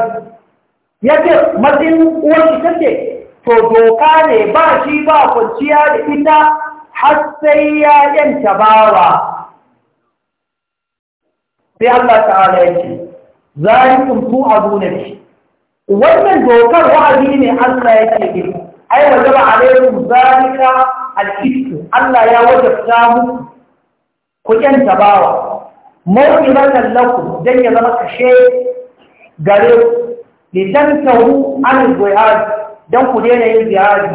ya ce matsayin uwar shi take to doka ne ba shi ba kwanciya da ita har sai ya yanta bawa sai Allah ta'ala ya ce zalikum tu aduna bi wannan dokar wa'azi ne Allah yake yi ai wajaba alaikum zalika al-ifk Allah ya wajabta mu ku yanta bawa mawqibatan lakum dan ya zama kashe gare ku litantahu an al-jihad don ku daina yin zihari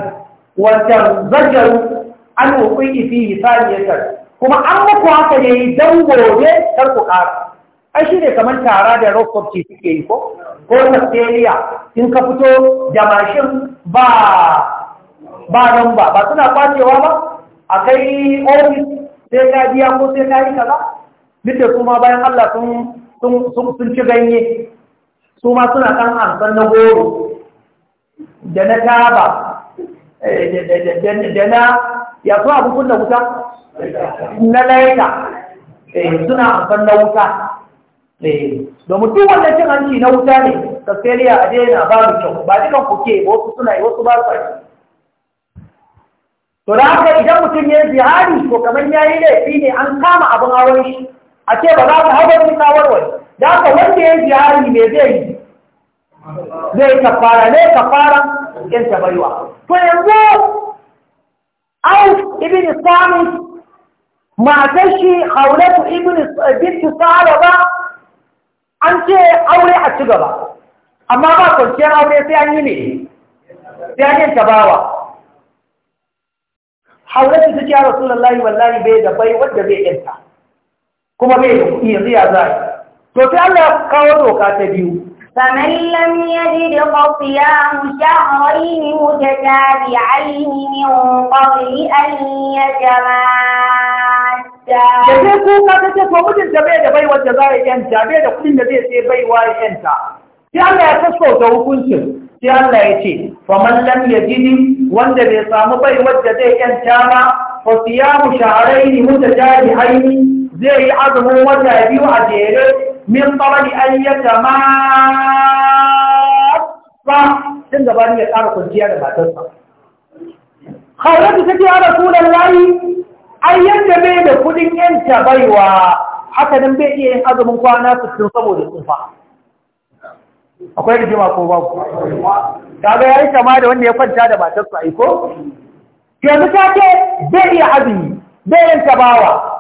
wanda zajaru an hukun fi saniyatar kuma an muku haka ne don gobe kar ku ƙara An shi ne kamar tara da rokofi suke yi ko ko australia in ka fito da mashin ba ba ba ba suna kwacewa ba a kai ofis sai ka biya ko sai ka yi kaza duk kuma bayan allah sun ci ganye su ma suna kan hansan na goro da na taba eh, da na ya so abu wuta na laika eh, suna amfan na wuta eh, domin duk wanda cin hanci na wuta ne australia a daina ba babu kyau ba dukan kuke wasu suna yi wasu ba su to da haka idan mutum ya yi hari ko kamar ya yi laifi ne an kama abin hawan shi a ce ba za ka haɗar su wani, da haka wanda ya yi hari me zai yi zai kafara ne kafara yanta baiwa to yanzu auf ibn sami matar shi haulatu ibn eh, binti ba an ce aure a ci gaba amma ba kwanciyar aure sai an yi ne sai an yanta bawa haulatu ta ce ya rasulullahi wallahi bai da bai wadda bai yanta kuma bai yanzu ya za to sai Allah kawo doka ta biyu فمن لم يجد فصيام شهرين متتابعين من قبل أن يتماتا da sai ku ka kace ko mutum da bai da bai wanda za ya yanta bai da kuɗin da zai sai baiwa wa yanta sai Allah ya kaskauta hukuncin sai Allah ya ce faman lam yajidi wanda bai samu bai wanda zai yanta ba fa siyamu shahrayn mutajahihayn zai yi azumin wata biyu a jere min qabli an cin tun ne ya tsara kwanciya da matarsa kharatu take sunan layi ai yadda bai da kudin yanta baiwa haka nan bai iya yin azumin kwana 60 saboda tsufa akwai jima ko babu kaga yayi kama da wanda ya kwanta da matarsa ai ko yanzu ta ce bai iya azumi bai yanta bawa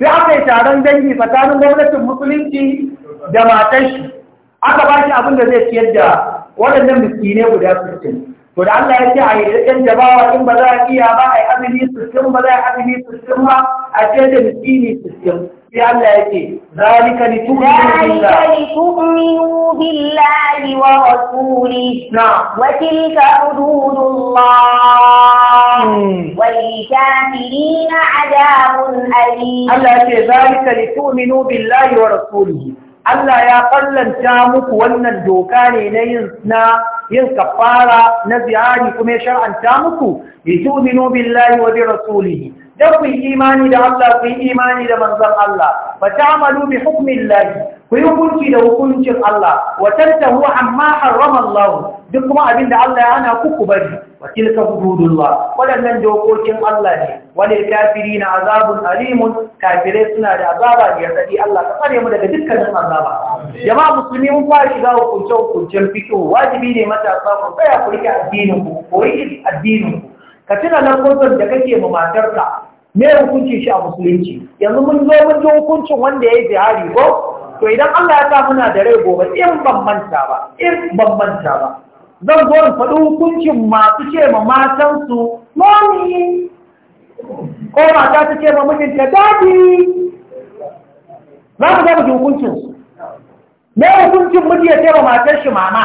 sai aka yi taron dangi tsakanin gwamnatin musulunci da matan shi aka ba shi abin da zai ciyar da waɗannan miskinai guda sittin to da Allah ya ce a yi ɗan jabawa in ba za a iya ba a yi azumi sittin ba za a yi azumi sittin ba a ciyar da miskini sittin يالله يجي ذلك لتؤمنوا بالله ورسوله نعم وتلك حدود الله والكافرين عذاب أليم الله يجي ذلك لتؤمنوا بالله ورسوله الله يا قلن تامك وانا الدوكاني نيزنا يلقى نزياني كميشا عن تامك لتؤمنوا بالله وبرسوله dan yi imani da Allah ku yi imani da manzan Allah fa ta'malu bi hukmillahi ku yi hukunci da hukuncin Allah wa tantahu amma harrama Allah duk kuma abin da Allah ya hana ku ku bari wa tilka hududullah wadannan dokokin Allah ne kafiri na azabun alimun kafirai suna da azaba da yadi Allah ka tsare mu daga dukkanin azaba jama'a musulmi mun fara shiga hukunce hukuncen fiqh wajibi ne matasa ku tsaya ku rike addinin ku koyi addinin ku ka tuna lafazin da kake mu matarka me hukunci shi a musulunci yanzu mun zo mun ji hukuncin wanda ya yi jihari ko to idan Allah ya sa muna da rai gobe in ban manta ba in ban manta ba zan zo in faɗi hukuncin masu ce ma matan su mami ko mata ta ce ma ta dadi za mu zama ji hukuncin su me hukuncin mu ya ce ma matan shi mama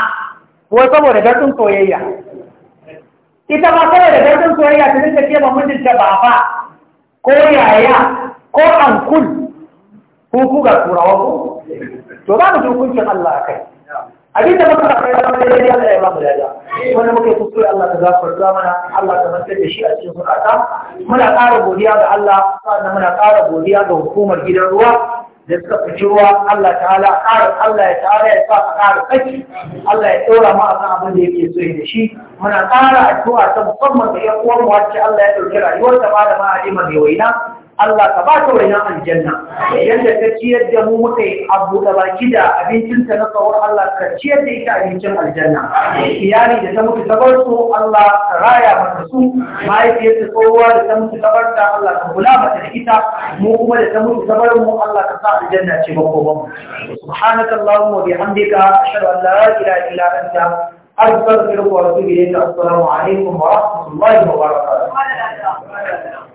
ko saboda gatsun soyayya ita ma saboda gatsun soyayya ta rinka ce ma mijinta ba ko yaya ko ankul ko ku ga turawa ko to ba mu ji hukuncin Allah kai abin da muka kai zama da dai Allah ya ba mu dada wanda muke kuskure Allah ta gafarta mana Allah ta mantar da shi a cikin zukata muna ƙara godiya ga Allah sannan muna ƙara godiya ga hukumar gidan ruwa da suka fi ruwa Allah ta'ala ƙara Allah ya ta'ala ya sa ƙara tsaki Allah ya ɗora ma akan abin da yake so da shi muna ƙara addu'a ta musamman ga ƴan uwan mu wacce Allah ya ɗauki rayuwar ta malama Halima mai waina Allah ka ba ta waina aljanna yadda ka ciyar da mu muka yi abu da baki da abincinta na tsawon Allah ka ciyar da ita abincin aljanna iyali da ta mutu ta bar su Allah ka raya mata su mahaifiyar ta tsohuwa da ta mutu ta bar ta Allah ka kula mata da ita mu kuma da ta mutu ta bar mu Allah ka sa aljanna ce makoman subhanaka allahumma wa bihamdika ashhadu an la ilaha illa anta أستغفرك وأتوب إليك السلام عليكم ورحمة الله وبركاته